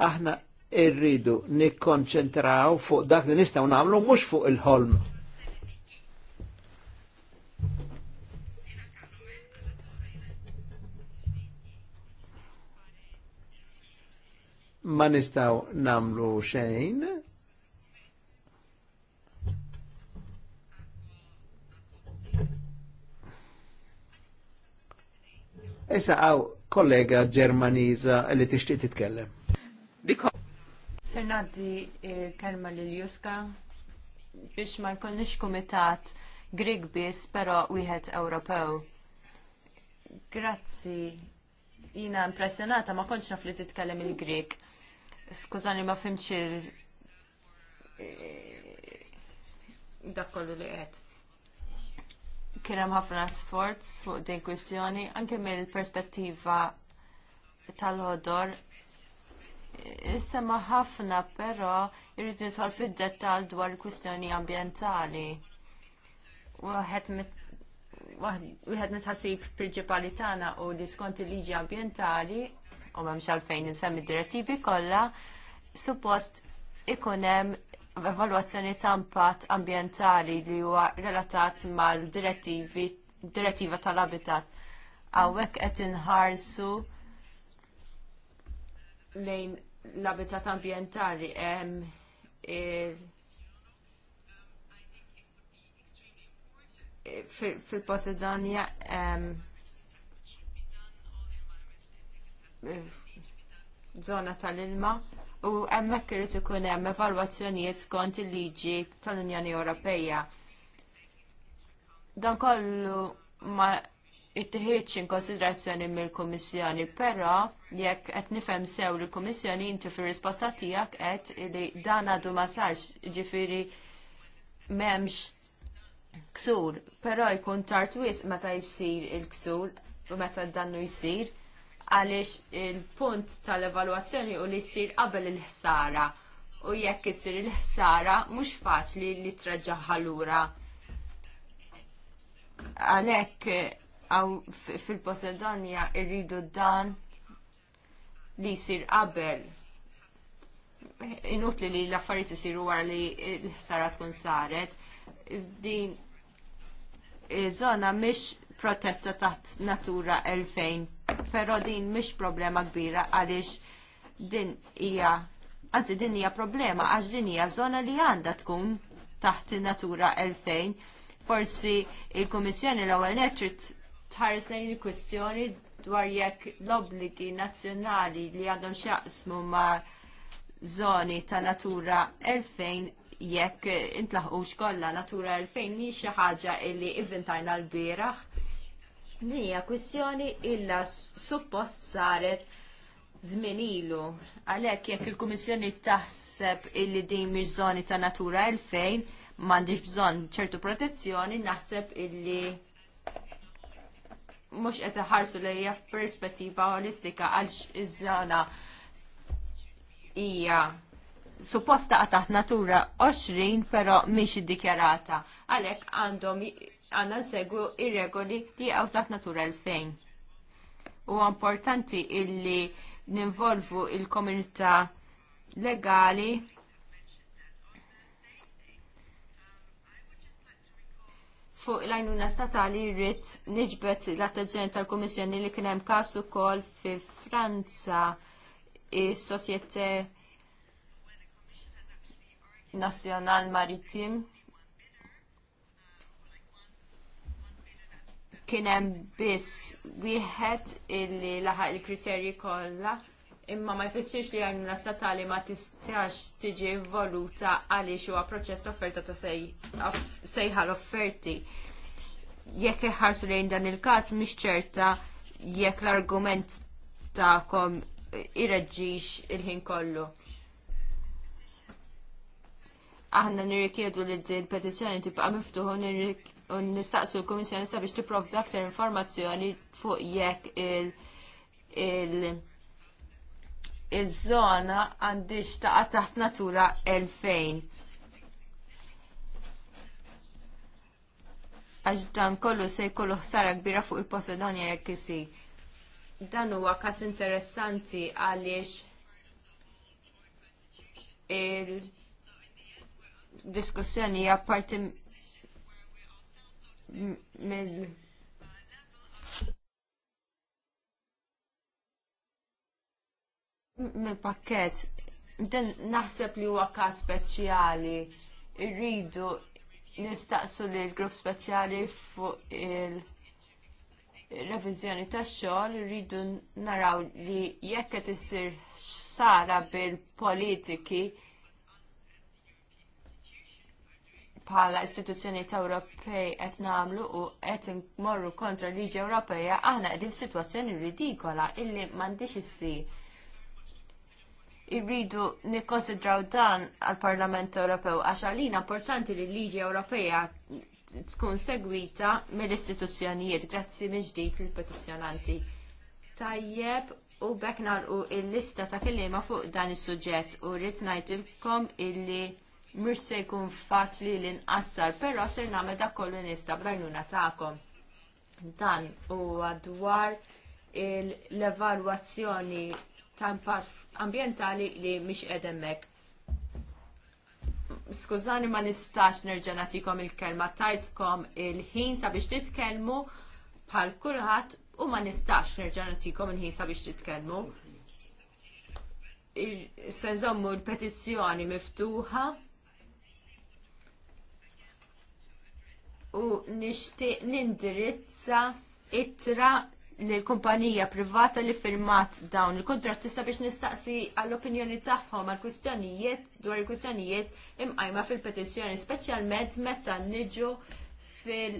Aħna irridu nikkonċentraw fuq dak li nistaw namlu mux fuq il-ħolm. ma nistaw namlu xejn. Issa għaw kollega ġermaniza li tixtieq titkellem. Ser naddi eh, kelma lil Juska biex ma jkollniex kumitat Grig biss, però wieħed Ewropew. Grazzi, jina impressionata ma kontx naf li titkellem il grig Skużani ma fimx dak kollu li għed. Kien hemm ħafna sforz fuq din kwistjoni anke mill-perspettiva tal-ħodor Sema ħafna però irrid nidħol fid-dettall dwar kwistjoni ambjentali. Waħed wieħed tħassib prinċipali tagħna u li skont il-liġi ambjentali u memx għalfejn nsemmi direttivi kollha, suppost ikun hemm evalwazzjoni ta' impatt ambjentali li huwa relatat mal-direttivi direttiva tal-abitat. Għawek qed inħarsu lejn l-abitat ambientali hemm il- fil-Posidonia zona tal-ilma u hemmhekk irid ikun hemm evalwazzjonijiet skont il-liġi tal-Unjoni Ewropea. Dan kollu ma in inkonsiderazzjoni mill-Kummissjoni, però jekk qed nifhem sew li l-Kummissjoni inti fir-risposta tiegħek qed li dan għadu ma sarx, jiġifieri m'hemmx ksur, però jkun tard wisq meta jsir il-ksur u meta dannu jsir għaliex il-punt tal-evalwazzjoni u li jsir qabel il-ħsara u jekk isir il-ħsara mhux faċli li traġaħalura. Għalek Għalhekk fil posedonia irridu dan li jsir qabel inutli li l-affarijiet isiru għar li l-ħsara tkun saret, din eh, zona żona mhix protetta taħt Natura 2000 Però din mhix problema kbira għaliex din hija anzi din hija problema għax din hija żona li għandha tkun taħt natura 2000. Forsi il-Kummissjoni l-ewwel trid tħares lejn il-kwistjoni dwar jekk l-obbligi nazzjonali li għandhom x'jaqsmu ma' zoni ta' natura 2000 jekk intlaħqux kollha natura 2000 mhix xi ħaġa li ivvintajna l-bieraħ Nija, kwistjoni illa suppost saret żmien ilu. Għalhekk jekk il komissjoni taħseb illi din mhix żoni ta' natura għalfejn m'għandix bżonn ċertu protezzjoni, naħseb illi mhux qed iħarsu lejja f'perspettiva holistika għalx iż-żona hija supposta taħt natura 20 però mhix iddikjarata. Għalhekk għandhom għanna segwu ir-regoli li għaw taħt natura l-fejn. U importanti illi ninvolvu il-komunità legali fuq l-għajnuna statali rrit nġbet l-attenzjoni tal-Komissjoni li kienem kasu kol fi Franza is Societe Nazjonal Maritim kien hemm biss wieħed illi laħaq il-kriterji kollha imma ma jfissirx li għajnuna statali ma tistax tiġi involuta għaliex huwa proċess ta' offerta ta' sejħa l-offerti. Jekk iħarsu lejn dan il-każ mhix ċerta jekk l-argument ta'kom irreġġix il-ħin kollu aħna nirrikjedu li d petizzjoni tibqa' miftuħ u nistaqsu l-Kummissjoni sabiex tipprovdu aktar informazzjoni fuq jekk il- il- iż-żona għandix taqa taħt natura 2000. Għax dan kollu se jkollu ħsara kbira fuq il-Posedonja jekk isir. Dan huwa każ interessanti għaliex il- diskussjoni hija parti mill mill-pakket. Din naħseb li huwa każ speċjali. Irridu nistaqsu li l-grupp speċjali fuq il- revizjoni tax xogħol irridu naraw li jekk qed issir sara bil-politiki bħala istituzzjoni ta' Ewropej qed nagħmlu u qed nmorru kontra l-liġi Ewropeja aħna qegħdin f'sitwazzjoni ridikola illi m'għandix issir. Irridu nikkonsidraw dan għall Parlament Ewropew għax għalina importanti li l-liġi Ewropeja tkun segwita mill-istituzzjonijiet grazzi minn ġdid lill-petizzjonanti. Tajjeb u bekk nagħlqu l lista ta' kelliema fuq dan is-suġġett u rrid ngħidilkom illi mux se jkun faċli li nqassar, però ser nagħmel dak kollu nista' b'għajnuna tagħkom. Dan huwa dwar l-evalwazzjoni ta' impatt ambjentali li mhix qed hemmhekk. Skużani ma nistax nerġa' nagħtikom il-kelma tajtkom il-ħin sabiex titkellmu bħal kulħadd u ma nistax nerġa' nagħtikom il-ħin sabiex titkellmu. Se nżommu l-petizzjoni miftuħa u nixtieq nindirizza ittra lill kumpanija privata li firmat dawn il-kontratti sabiex nistaqsi għall-opinjoni tagħhom għall kwistjonijiet dwar il-kwistjonijiet imqajma fil-petizzjoni speċjalment meta niġu fil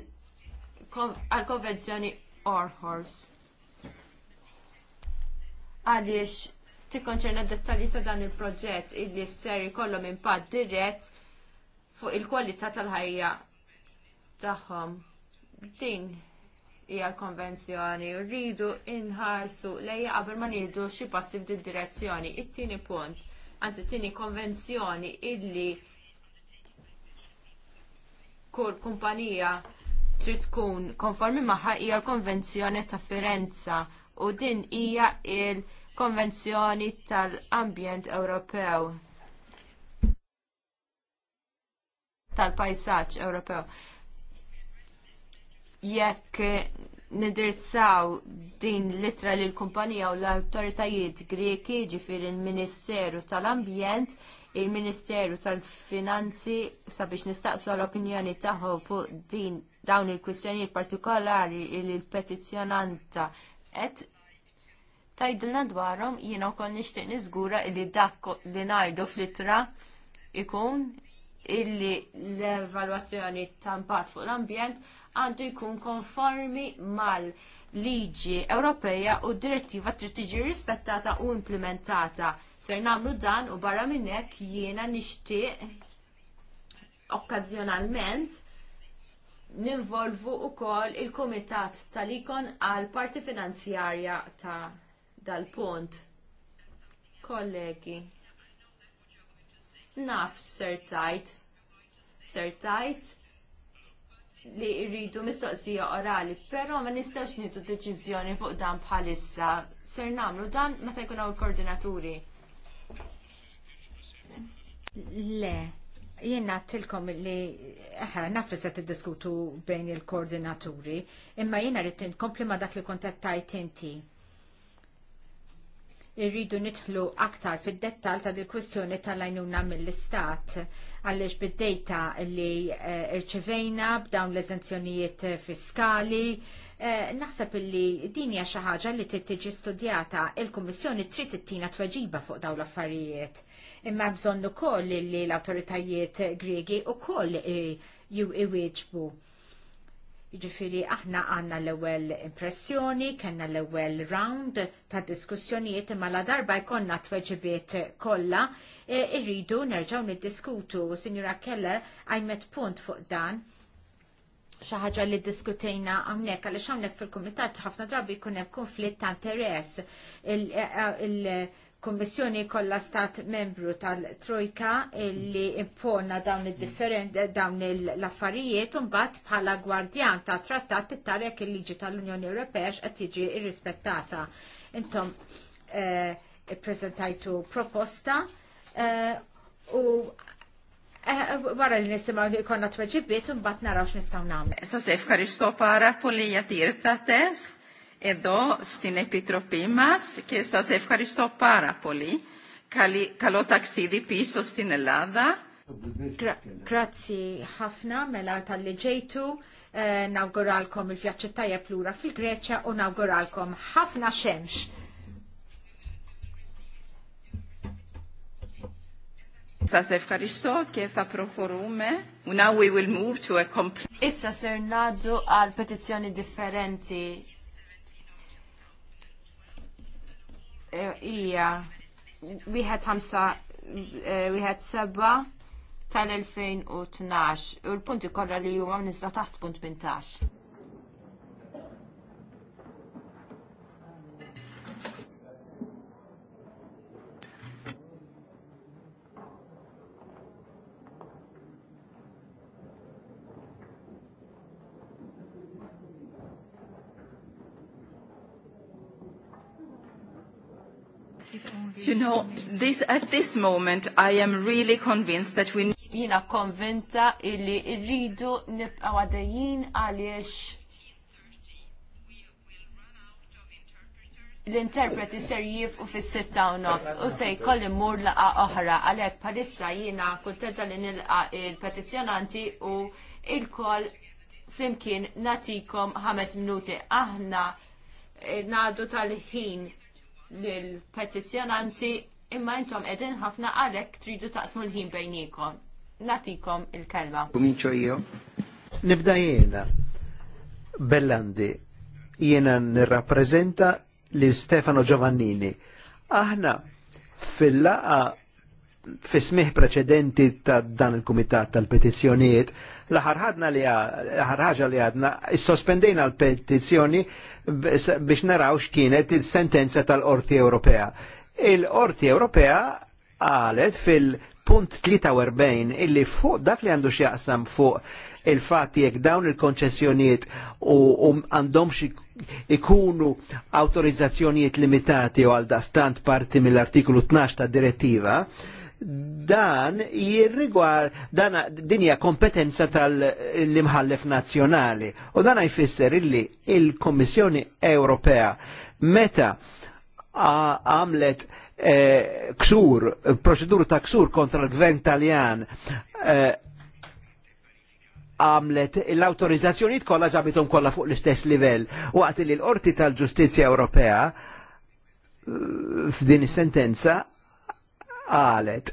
għall-konvenzjoni Orhors. Għaliex tikkonċerna dettalji ta' dan il-proġett illi s-ser jkollhom impatt dirett fuq il-kwalità tal-ħajja tagħhom. Din hija l-konvenzjoni u rridu inħarsu lejja qabel ma nieħdu xi passi f'din direzzjoni. It-tieni punt, anzi tieni konvenzjoni illi kull kumpanija trid tkun konformi magħha hija l-Konvenzjoni ta' Firenza u din hija il-Konvenzjoni tal-Ambjent Ewropew tal-pajsaġġ Ewropew jekk nidirzaw din litra l kumpanija u l-autoritajiet Greki ġifir il-Ministeru tal-Ambjent, il-Ministeru tal-Finanzi sabiex nistaqsu l-opinjoni tagħhom fuq din dawn il-kwistjonijiet partikolari il-petizjonanta et tajdilna dwarhom jiena wkoll nixtieq niżgura li dak li ngħidu fl-ittra ikun illi l-evalwazzjoni ta' fuq l-ambjent għandu jkun konformi mal-liġi Ewropeja u direttiva trid tiġi rispettata u implementata. Ser nagħmlu dan u barra minn hekk jiena nixtieq okkażjonalment ninvolvu wkoll il-Kumitat tal-Ikon għal parti finanzjarja ta' dal-punt. Kollegi, naf sertajt, sertajt li jridu mistoqsija orali, però ma nistax nitu deċiżjoni fuq dan bħalissa. Ser nagħmlu dan meta jkun hawn koordinaturi Le, jenna tilkom li aħna naf li se tiddiskutu bejn il-koordinaturi, imma jiena rrid komplima dak li kontattajt inti irridu nidħlu aktar fid dettall ta' dil-kwistjoni tal-għajnuna mill-istat għaliex bid-dejta li eh, irċivejna b'dawn l-eżenzjonijiet fiskali. Eh, naħseb illi din hija xi ħaġa li trid tiġi studjata il-Kummissjoni trid ittina tweġiba fuq dawn l-affarijiet. Imma bżonn ukoll li l-awtoritajiet Griegi ukoll eh, iwieġbu. Jiġifieri aħna għandna l-ewwel impressjoni, kellna l-ewwel round ta' diskussjonijiet imma la darba jkollna tweġibiet kollha e, irridu nerġgħu niddiskutu. Sinjura Kelle għajmet punt fuq dan Xaħġa ħaġa li diskutejna hawnhekk għaliex hawnhekk fil-kumitat ħafna drabi jkun hemm konflitt ta' interess kommissjoni kummissjoni kollha stat membru tal-Trojka illi imponna dawn il-different dawn l-affarijiet il mbagħad bħala gwardjan ta' trattat tittarek il-liġi tal-Unjoni Ewropea qed tiġi irrispettata. Intom eh, ippreżentajtu prezentajtu proposta eh, u eh, Wara li nisimaw li konna tweġibiet, un bat naraw x'nistgħu nagħmlu. Sa sef karix sopara pulija tir ta' test εδώ στην Επιτροπή μας και σας ευχαριστώ πάρα πολύ. Καλή, καλό ταξίδι πίσω στην Ελλάδα. Grazzi ħafna mela tal-li eh, nawguralkom il vjaċċettajja plura fil-Greċja u nawguralkom ħafna xemx. Sas efkaristo ke ta' proforume, now we will move to a complete. Issa ser naddu għal petizjoni differenti hija wieħed ħamsa eh, wieħed seba tal-2012 u l-punti kollha li huma nizla taħt punt 18. You know, this, at this moment, I am really convinced that we Jina konvinta illi rridu nibqa' għadajin għaliex l-interpreti ser jifqu fis-sitta u nofs u se jkolli mur laqa oħra għalhekk palissa jiena kuntenta li nilqa il-petizzjonanti u il-koll flimkien natikom ħames minuti aħna eh, ngħadu tal-ħin lill-petizzjonanti imma intom qegħdin ħafna għalhekk tridu taqsmu l-ħin bejnikom. Natikom il-kelma. Kuminċo jo? Nibda jiena. Bellandi, jiena nirrappreżenta li Stefano Giovannini. Aħna fil-laqa fismih preċedenti ta' dan il-Kumitat tal-Petizzjonijiet, l-ħarħadna li ħarħaġa li għadna, sospendejna l-petizzjoni biex naraw x'kienet il-sentenza tal-Qorti Ewropea. Il-Qorti Ewropea għalet fil-punt 43 illi fuq dak li għandu x'jaqsam fuq il-fat jekk dawn il-konċessjonijiet u għandhomx ikunu autorizzazzjonijiet limitati u għal dastant parti mill-artiklu 12 ta' direttiva, dan jirrigwar dan dinja kompetenza tal-imħallef nazjonali u dan jfisser illi il-Kommissjoni Ewropea meta għamlet eh, ksur, proċedur ta' ksur kontra l-gvern taljan eh, għamlet l-autorizzazzjoniet kollha ġabitum kollha fuq l-istess livell. Waqt li l-Qorti tal-Ġustizzja Ewropea eh, f'din is-sentenza qalet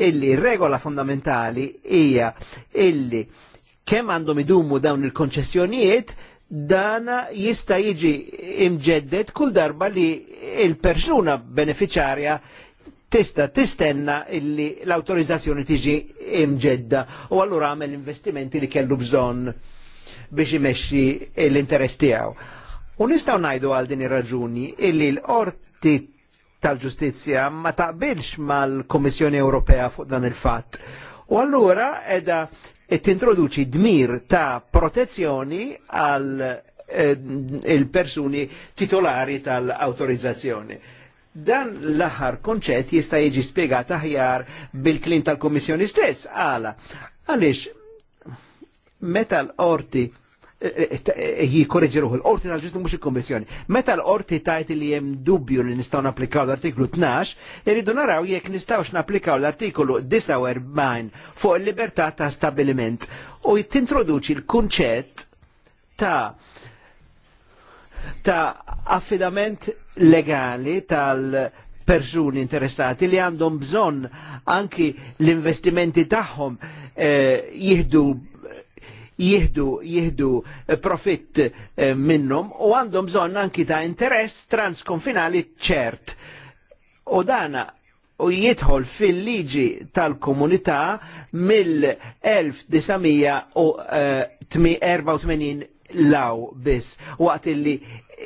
illi regola fondamentali hija illi kemm għandhom idumu dawn il-konċessjonijiet dana jista jiġi imġeddet kull darba li il-persuna beneficjarja tista tistenna illi l-autorizzazzjoni tiġi imġedda u allura għamel investimenti li kellu bżonn biex imexxi l-interess tiegħu. U nistgħu ngħidu għal din ir-raġuni illi l-orti tal-ġustizja ma taqbilx mal-Komissjoni Ewropea fuq dan il-fatt. U allura edha t-introduċi dmir ta' protezzjoni għal eh, il-persuni titolari tal-autorizzazzjoni. Dan l-aħħar konċett jista' jiġi spjegat aħjar bil-klim tal-Komissjoni stess għala. Għaliex meta l-orti jikorreġiruħu l-orti tal-ġusti mux il-kommissjoni. Meta l-orti tajt li jem dubju li nistaw naplikaw l-artiklu 12, irridu naraw jek nistawx naplikaw l-artiklu 49 fuq il-libertà ta' stabiliment u jittintroduċi l-kunċett ta' ta' affidament legali tal persuni interessati li għandhom bżonn anki l-investimenti tagħhom eh, jihdu jihdu, jihdu eh, profitt eh, minnum u għandhom bżonn anki ta' interess transkonfinali ċert. U dana u jidħol fil-liġi tal-komunità mill-1984 law biss waqt illi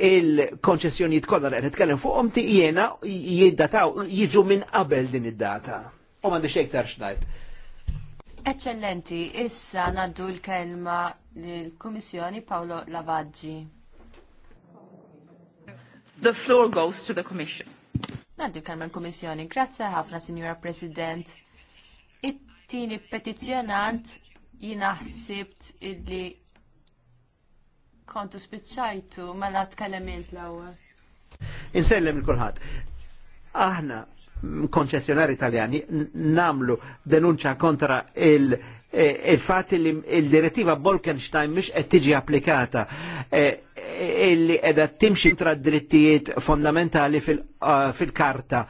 il-konċessjonijiet kollha li qed nitkellem fuqhom tiqiena jiddataw jiġu minn qabel din id-data. U m'għandix iktar xnajt. Eccellenti, issa naddu l-kelma l-Kummissjoni Paolo Lavaggi. The floor goes to the Commission. Naddu l-kelma l-Kummissjoni. Grazie ħafna, Signora President. It-tini petizjonant jinaħsibt ħsibt illi kontu spiċċajtu mela tkellimint l-ewwel. Insellem il-kulħadd aħna konċessjonari italjani namlu denunċa kontra il- eh, il-fat li il-direttiva Bolkenstein mish qed tiġi applikata eh, eh, illi qiegħda timxi tra drittijiet fondamentali fil-karta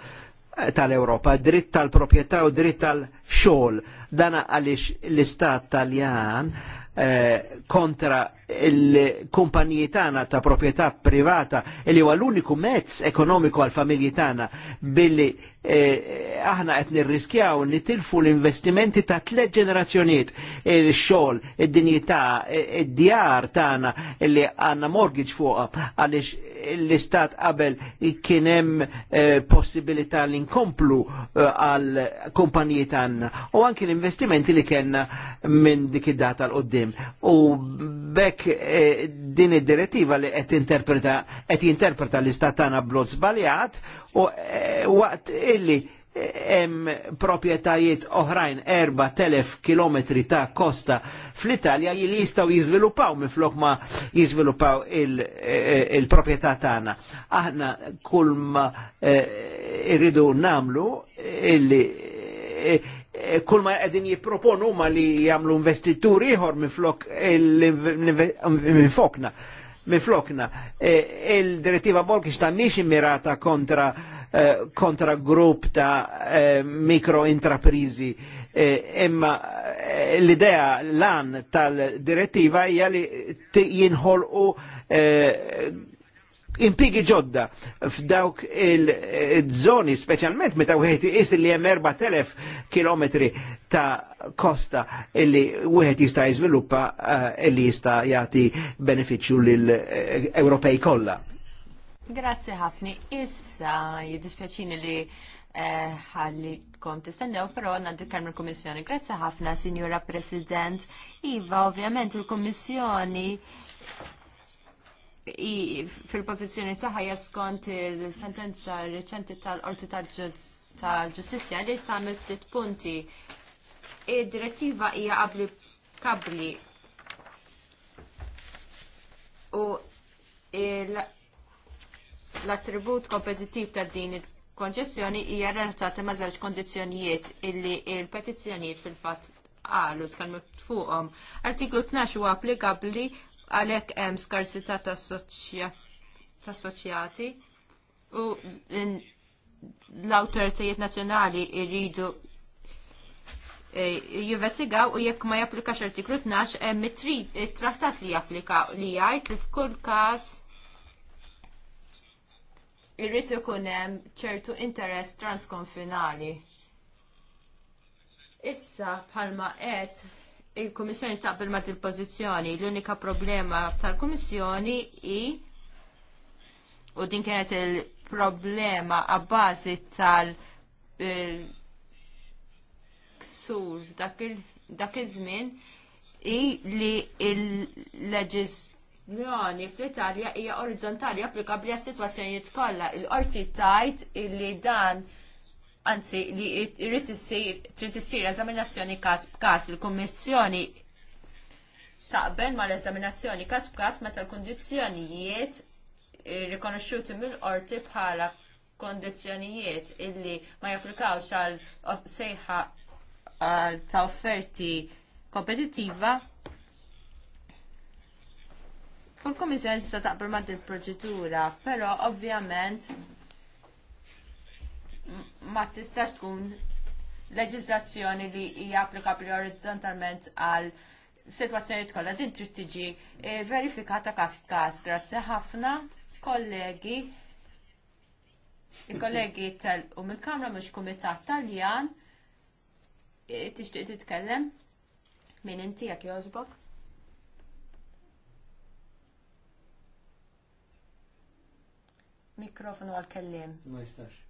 tal-Europa, dritt tal-proprjetà u dritt tal-xogħol. Dana għaliex l-Istat Taljan kontra il-kumpaniji tagħna ta' proprjetà privata li huwa l-uniku mezz ekonomiku għal familji tagħna billi eh, aħna qed nirriskjaw nitilfu l-investimenti ta' tliet ġenerazzjonijiet il-xogħol, id-dinjità, id-djar tagħna li għandna mortgage fuqha għaliex l-istat qabel kien hemm eh, possibilità li nkomplu eh, għal eh, kumpaniji tagħna u anki l-investimenti li kellna minn dik id-data l-qoddim. U bekk jekk eh, din id-direttiva li qed interpreta qed jinterpreta l-istat tagħna blod żbaljat u eh, waqt illi eh, hemm proprjetajiet oħrajn 4000 km ta' kosta fl-Italja li jistgħu jiżviluppaw minflok ma jiżviluppaw il-proprjetà il tagħna. Aħna kull ma irridu namlu illi Eh, kull ma għedin jiproponu ma li jamlu investituri ieħor minn flok minn fokna minn flokna eh, il-direttiva Bolkistan miex immirata kontra eh, kontra grupp ta' mikro intraprizi imma l-idea lan tal-direttiva jgħali li u impigi ġodda f'dawk il-żoni, specialment meta wieħed is li hemm 4000 km ta' kosta illi wieħed jista' jiżviluppa eh, illi jista' jagħti benefiċċju lil eh, Ewropej kollha. Grazzi ħafni. Issa jiddispjaċini li eh, ħalli tkun tistennew, però għandil kemm il-Kummissjoni. Grazzi ħafna, Sinjura President. Iva, ovvjament il-Kummissjoni fil-pozizjoni taħħa skont il-sentenza reċenti tal-Qorti tal-Ġustizzja li tagħmel sitt punti. Id-direttiva hija qabli kabli u l-attribut kompetittiv ta' din il-konċessjoni hija relatata ma' żewġ kondizzjonijiet illi il-petizzjonijiet fil-fatt qalu tkellmu fuqhom. Artiklu 12 huwa applikabbli għalhekk hemm skarsità ta' soċjati u l-awtoritajiet nazzjonali jridu eh, jivvestigaw u jekk ma japplikax artiklu 12 hemm it-trattat li japplika li jgħid li f'kull każ irrid ikun hemm ċertu interess transkonfinali. Issa bħalma qed il-Komissjoni taqbel ma' il-pozizjoni. L-unika problema tal-Komissjoni i u din kienet il-problema għabbażi tal- eh, ksur dak iż-żmien i li il-leġiżjoni fl-Italja hija orizzontali applikabbli għas-sitwazzjonijiet kollha. Il-qorti tajt illi dan anzi li irrid trid issir eżaminazzjoni każ b'każ il-Kummissjoni taqbel mal eżaminazzjoni każ b'każ meta l-kundizzjonijiet rikonoxxuti mill-qorti bħala kondizzjonijiet illi ma japplikawx għal sejħa ta' offerti kompetittiva Kull l-Komissjoni tista' taqbel mad proċedura, però ovvjament ma tistax tkun leġislazzjoni li hija applikabli orizzontalment għal situazzjoni kollha din trid tiġi eh, verifikata każ f'każ. Grazzi ħafna kollegi. Il-kollegi u um mill-Kamra mhux kumitat Taljan eh, tixtieq titkellem min inti jekk jogħġbok. Mikrofonu għal-kellim. Ma jistax.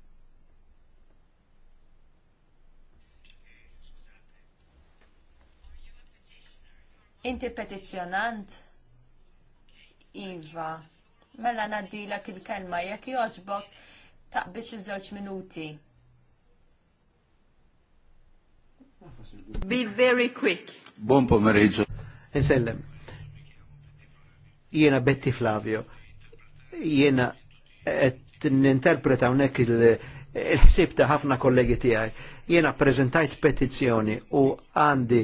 Inti petizzjonant? Iva. Mela naddila il-kelma jekk jogħġbok taqbix iż-żewġ minuti. Be very quick. Buon pomeriggio. Insellem. Jiena Betty Flavio. Jiena qed eh, ninterpreta hawnhekk il-ħsieb ta' ħafna kollegi tiegħi. Jiena prezentajt petizzjoni u għandi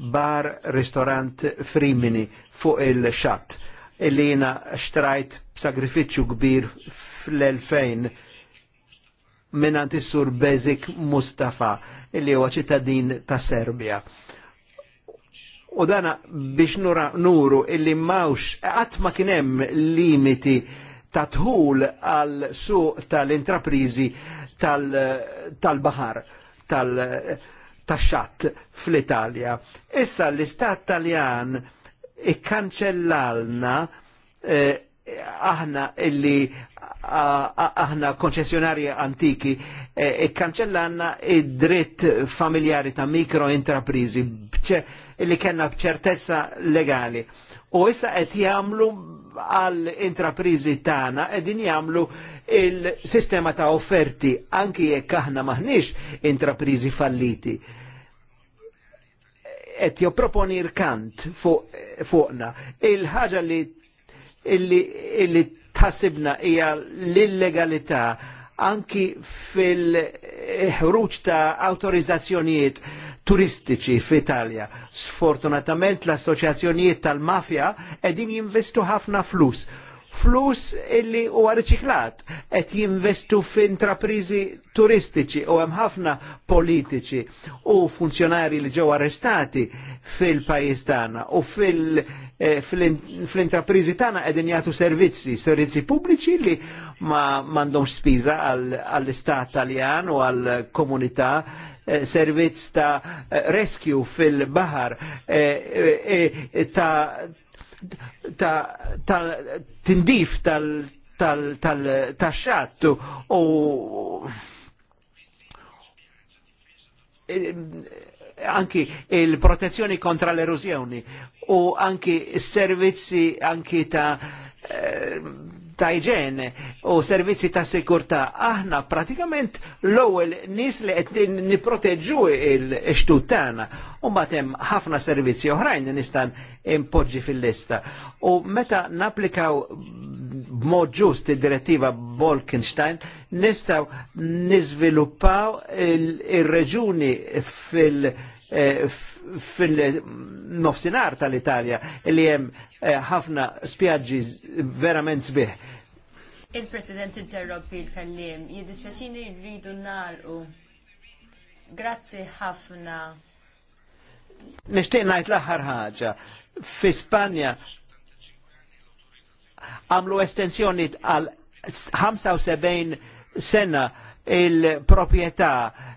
bar ristorant frimini fuq il-xat illi jina xtrajt b'sagrifiċċju kbir fl-2000 minn is-sur Bezik Mustafa illi huwa ċittadin ta' Serbia. U dana biex nura, nuru illi mawx, għat ma kienem limiti ta' tħul għal suq tal-intraprizi tal-bahar, tal-, -tal, -tal taxxat fl-Italja. Issa l-Istat Taljan ikkanċellalna eh, aħna illi aħna konċessjonarji antiki e, e, kanċellanna id-dritt familjari ta' mikro intraprizi illi kena bċertezza legali. U issa qed jagħmlu għal intraprizi tagħna qegħdin jagħmlu il-sistema ta' offerti anki jekk aħna maħniex intraprizi falliti et joproponi rkant fuqna. Il-ħaġa li illi, illi tasibna hija l-illegalità anki fil-ħruġ ta' autorizzazzjonijiet turistiċi fl-Italja. Sfortunatament l-assoċjazzjonijiet tal-mafja edin jinvestu ħafna flus. Flus illi huwa riċiklat qed jinvestu f'intraprizi turistiċi u hemm ħafna politiċi u funzjonari li ġew arrestati fil pajistana u fil-, -pajistana, u fil Eh, fl-intraprizi tagħna qegħdin jagħtu servizzi, servizzi pubbliċi li ma m'għandhomx spiża għall-istat Taljan u għall-komunità eh, servizz ta' eh, rescue fil-bahar ta' ta' tindif tal-xatt u anki il-protezzjoni kontra l-erosjoni u anki s servizzi anki ta' eh, ta' iġen u servizzi ta' sikurta. Aħna pratikament l-ewwel nies li qed niproteġġu l-xtut tagħna. U hemm ħafna servizzi oħrajn li nistan impoġġi fil-lista. U meta napplikaw b'mod ġust id-direttiva Bolkenstein, nistaw niżviluppaw il-reġuni fil- eh, fil-nofsinar tal-Italja li hemm eh, ħafna eh, verament sbiħ. Il-President interrompi l-kallim, jiddispjaċini rridu nalqu. Grazzi ħafna. Nishtiq ngħid l-aħħar ħaġa. Fi Spanja għamlu estensjoni għal 75 sena il-propieta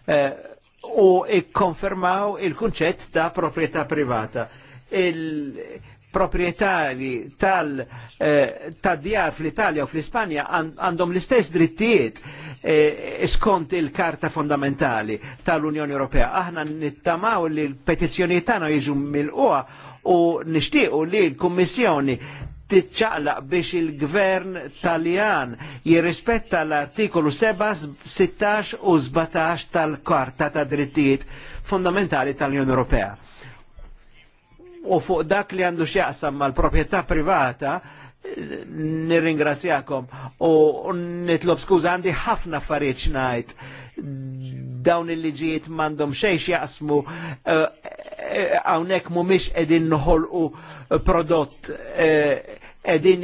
eh, u ikkonfermaw il-kunċett ta' proprietà privata. Il-proprietari tal eh, ta' djar fl-Italja u fl-Ispanja għandhom and, l-istess drittijiet eh, skont il-karta fondamentali tal-Unjoni Ewropea. Aħna nittamaw li l petizjoni tagħna jiġu mill qua u nixtiequ li l-Kummissjoni titċaqlaq biex il-gvern taljan jirrispetta l-artikolu 7, 16 u 17 tal-Karta ta' Drittijiet Fundamentali tal-Unjoni Ewropea. U fuq dak li għandu xjaqsam mal-proprjetà privata, nirringrazzjakom u nitlob skuża għandi ħafna affarijiet xnajt dawn il-liġijiet mandom xejx jaqsmu għawnek eh, eh, uh, uh, mumiex edin nħolqu prodott uh, edin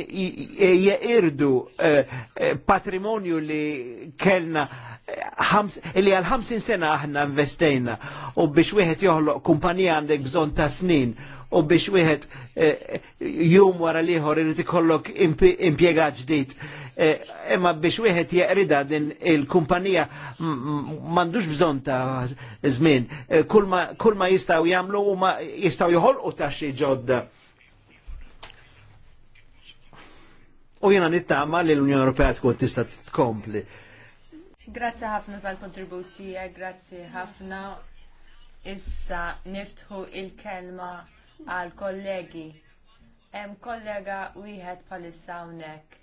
jeqirdu eh, eh, patrimonju li kellna eh, li għal 50 sena aħna investejna u biex wieħed joħloq kumpanija għandek bżon ta' snin u biex wieħed jum wara liħor irid ikollok impjegat ġdid. Imma biex wieħed jeqrida din il-kumpanija m'għandux bżon ta' żmien. Kull ma jistgħu jagħmlu huma jistgħu joħolqu ta' xi ġodda u jena nittama li l-Unjoni Ewropea tkun tista' tkompli. Grazzi ħafna tal-kontributi, grazzi ħafna. Issa niftħu il-kelma għal kollegi. Hemm kollega wieħed bħalissa hawnhekk.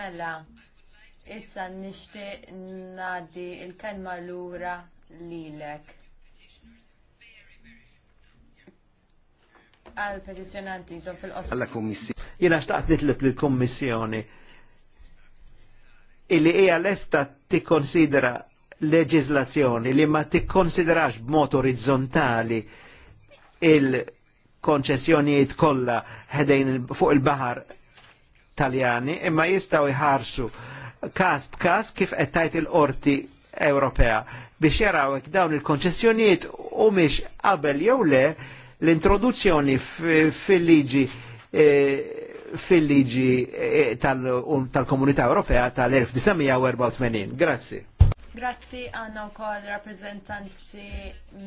Mela, issa nixtieq nadi il-kelma lura lilek. għal petizjonanti jizom fil-qosor. Alla kommissjoni. Jena xtaqt nitlib l-kommissjoni illi hija lesta tikkonsidera leġislazzjoni li ma tikkonsiderax b'mod orizzontali il-konċessjonijiet kollha ħedejn fuq il-baħar Taljani imma jistgħu jħarsu każ b'każ kif qed tajt il-qorti Ewropea biex jaraw dawn il-konċessjonijiet u miex qabel jew le L-introduzzjoni fil-liġi eh, fil-liġi eh, um, tal-Komunità Ewropea tal-1984. Grazzi. Grazzi għanna u koll rappresentanti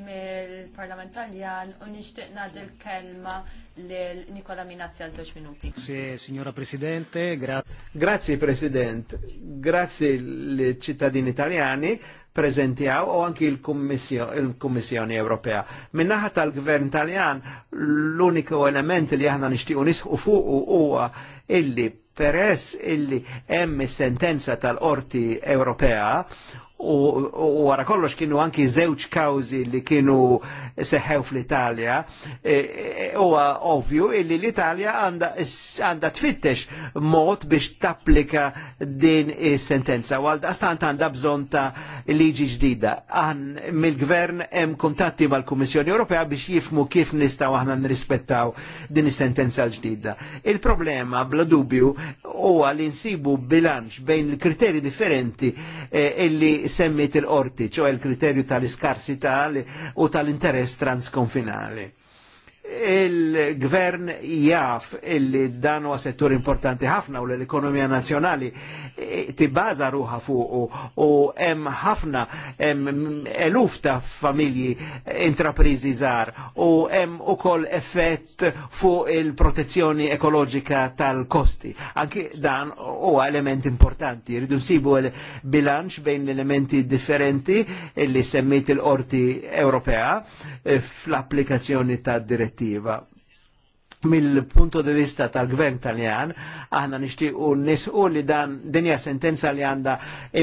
mill-Parlament Taljan u nishtiq nadil kelma l-Nikola Minassi għal zoċ minuti. Grazie, signora Presidente, grazie. Presidente. President. Grazie l-ċittadini italjani prezentjaw u anki l-Kummissjoni Ewropea. Minnaħa tal-Gvern Taljan l-uniku element li aħna nixtiequ nisħu fuq huwa illi peress illi hemm sentenza tal-Qorti Ewropea u wara kollox kienu anki żewġ kawzi li kienu seħew fl-Italja, e, e, huwa ovvju illi l-Italja għandha tfittex mod biex tapplika din is-sentenza. U għastant għandha bżonn ta' liġi ġdida. Għan mil gvern hemm kuntatti mal-Kummissjoni Ewropea biex jifmu kif nistgħu aħna nrispettaw din is-sentenza l-ġdida. Il-problema bla dubju huwa li nsibu bilanċ bejn il-kriteri differenti e, illi semmi il-qorti, ċo il-kriterju tal-iskarsità u tal-interess transkonfinali il-gvern jaf illi dan huwa settur importanti ħafna u l-ekonomija nazzjonali e, tibbaża ruħa fuq u hemm ħafna hemm eluf ta' familji intraprizi żgħar u hemm ukoll effett fuq il-protezzjoni ekoloġika tal-kosti. Anki dan huwa element importanti, Ridu nsibu bilanċ bejn elementi differenti illi semmit il-Qorti Ewropea e, fl-applikazzjoni tad direttiva direttiva mill-punto di vista tal-gvern tal-jan, aħna nixtiequ nisqu li dan dinja sentenza li għandha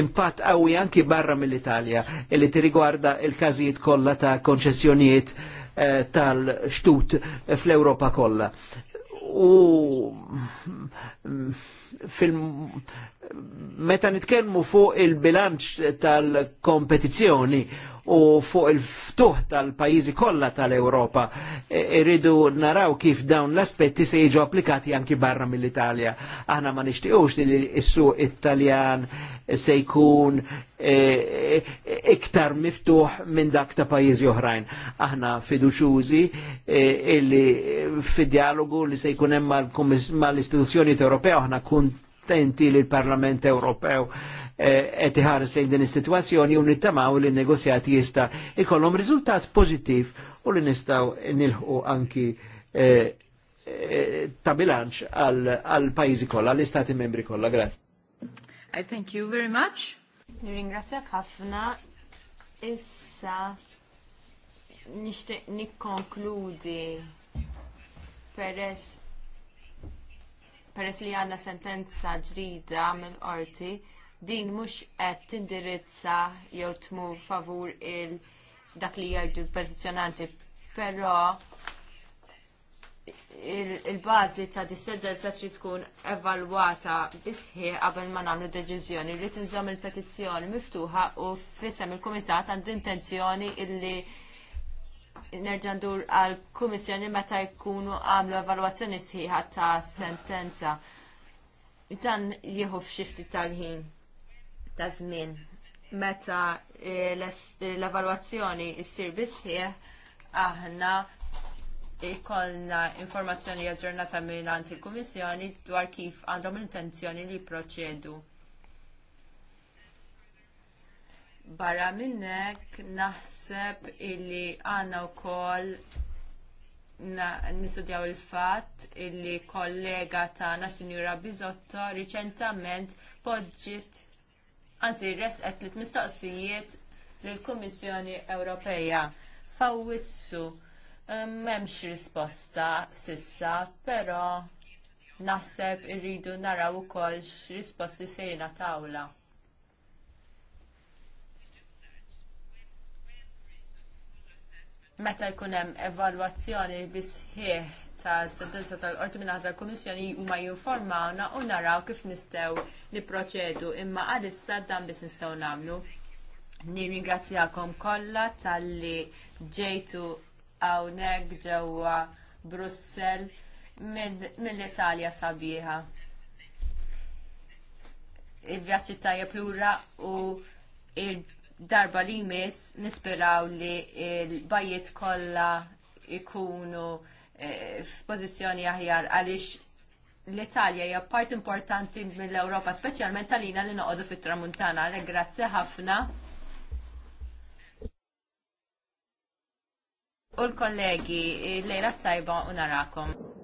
impatt għawi anki barra mill-Italja li tirigwarda il-każijiet kollha ta' konċessjonijiet eh, tal-xtut fl europa kollha. U mm, fil meta nitkellmu fuq il-bilanċ tal-kompetizzjoni u fuq il-ftuħ tal-pajizi kollha tal-Ewropa. E, irridu e naraw kif dawn l-aspetti se jiġu applikati anki barra mill-Italja. Aħna ma nixtiequx li s-suq Italjan se jkun iktar e, e, miftuħ minn dak ta' pajjiżi oħrajn. Aħna fiduċużi e, illi fid-dialogu li se jkun hemm mal-istituzzjoni Ewropea aħna kun attenti li l-Parlament Ewropew eh, qed iħares lejn din is-sitwazzjoni u nittamaw li n-negozjati jista' ikollhom riżultat pożittiv u li nistgħu nilħu anki eh, eh, ta' bilanċ għal pajjiżi kollha, l-istati membri kollha. Grazzi. I thank you very much. Nirringrazzjak ħafna. Issa nixtieq nikkonkludi peress peress li għandna sentenza ġdida mill-qorti, din mhux qed tindirizza jew tmur favur il dak li jgħidu l-petizjonanti, però il-bażi ta' dissendenza trid tkun evalwata bisħi qabel ma nagħmlu deċiżjoni Rrid inżomm il-petizzjoni miftuħa u f'isem il-kumitat għand intenzjoni illi nerġa' ndur għall kummissjoni meta jkunu għamlu evalwazzjoni sħiħa ta' sentenza. Dan jieħu f'xifti tal-ħin ta' żmien. Meta eh, l-evalwazzjoni ssir sħiħ, aħna jkollna informazzjoni aġġornata minn il-Kummissjoni dwar kif għandhom l-intenzjoni li jipproċedu Barra minnek naħseb illi għanna u koll nisudjaw il-fat illi kollega ta' Sinjura Bizotto riċentament poġġiet, anzi resqet t mistoqsijiet lill kummissjoni Ewropeja. Fawissu um, m'hemmx risposta sissa, però naħseb irridu naraw ukoll risposti sejna tawla. meta jkun hemm evalwazzjoni bisħieħ ta' sentenza tal-qorti minnaħ tal-Komissjoni huma jinformawna u naraw kif nistgħu nipproċedu imma għalissa dan biss nistgħu nagħmlu. Nirringrazzjakom kollha talli ġejtu hawnhekk ġewwa Brussell mill-Italja sabiħa. Il-vjaġġi Plura u darba li jmiss nisperaw li l-bajiet kollha ikunu eh, f'pożizzjoni aħjar għaliex l-Italja hija part importanti mill-Ewropa, speċjalment għalina li noqogħdu fit-Tramuntana, għalhekk grazzi ħafna. U l-kollegi, eh, lejla tajba u narakom.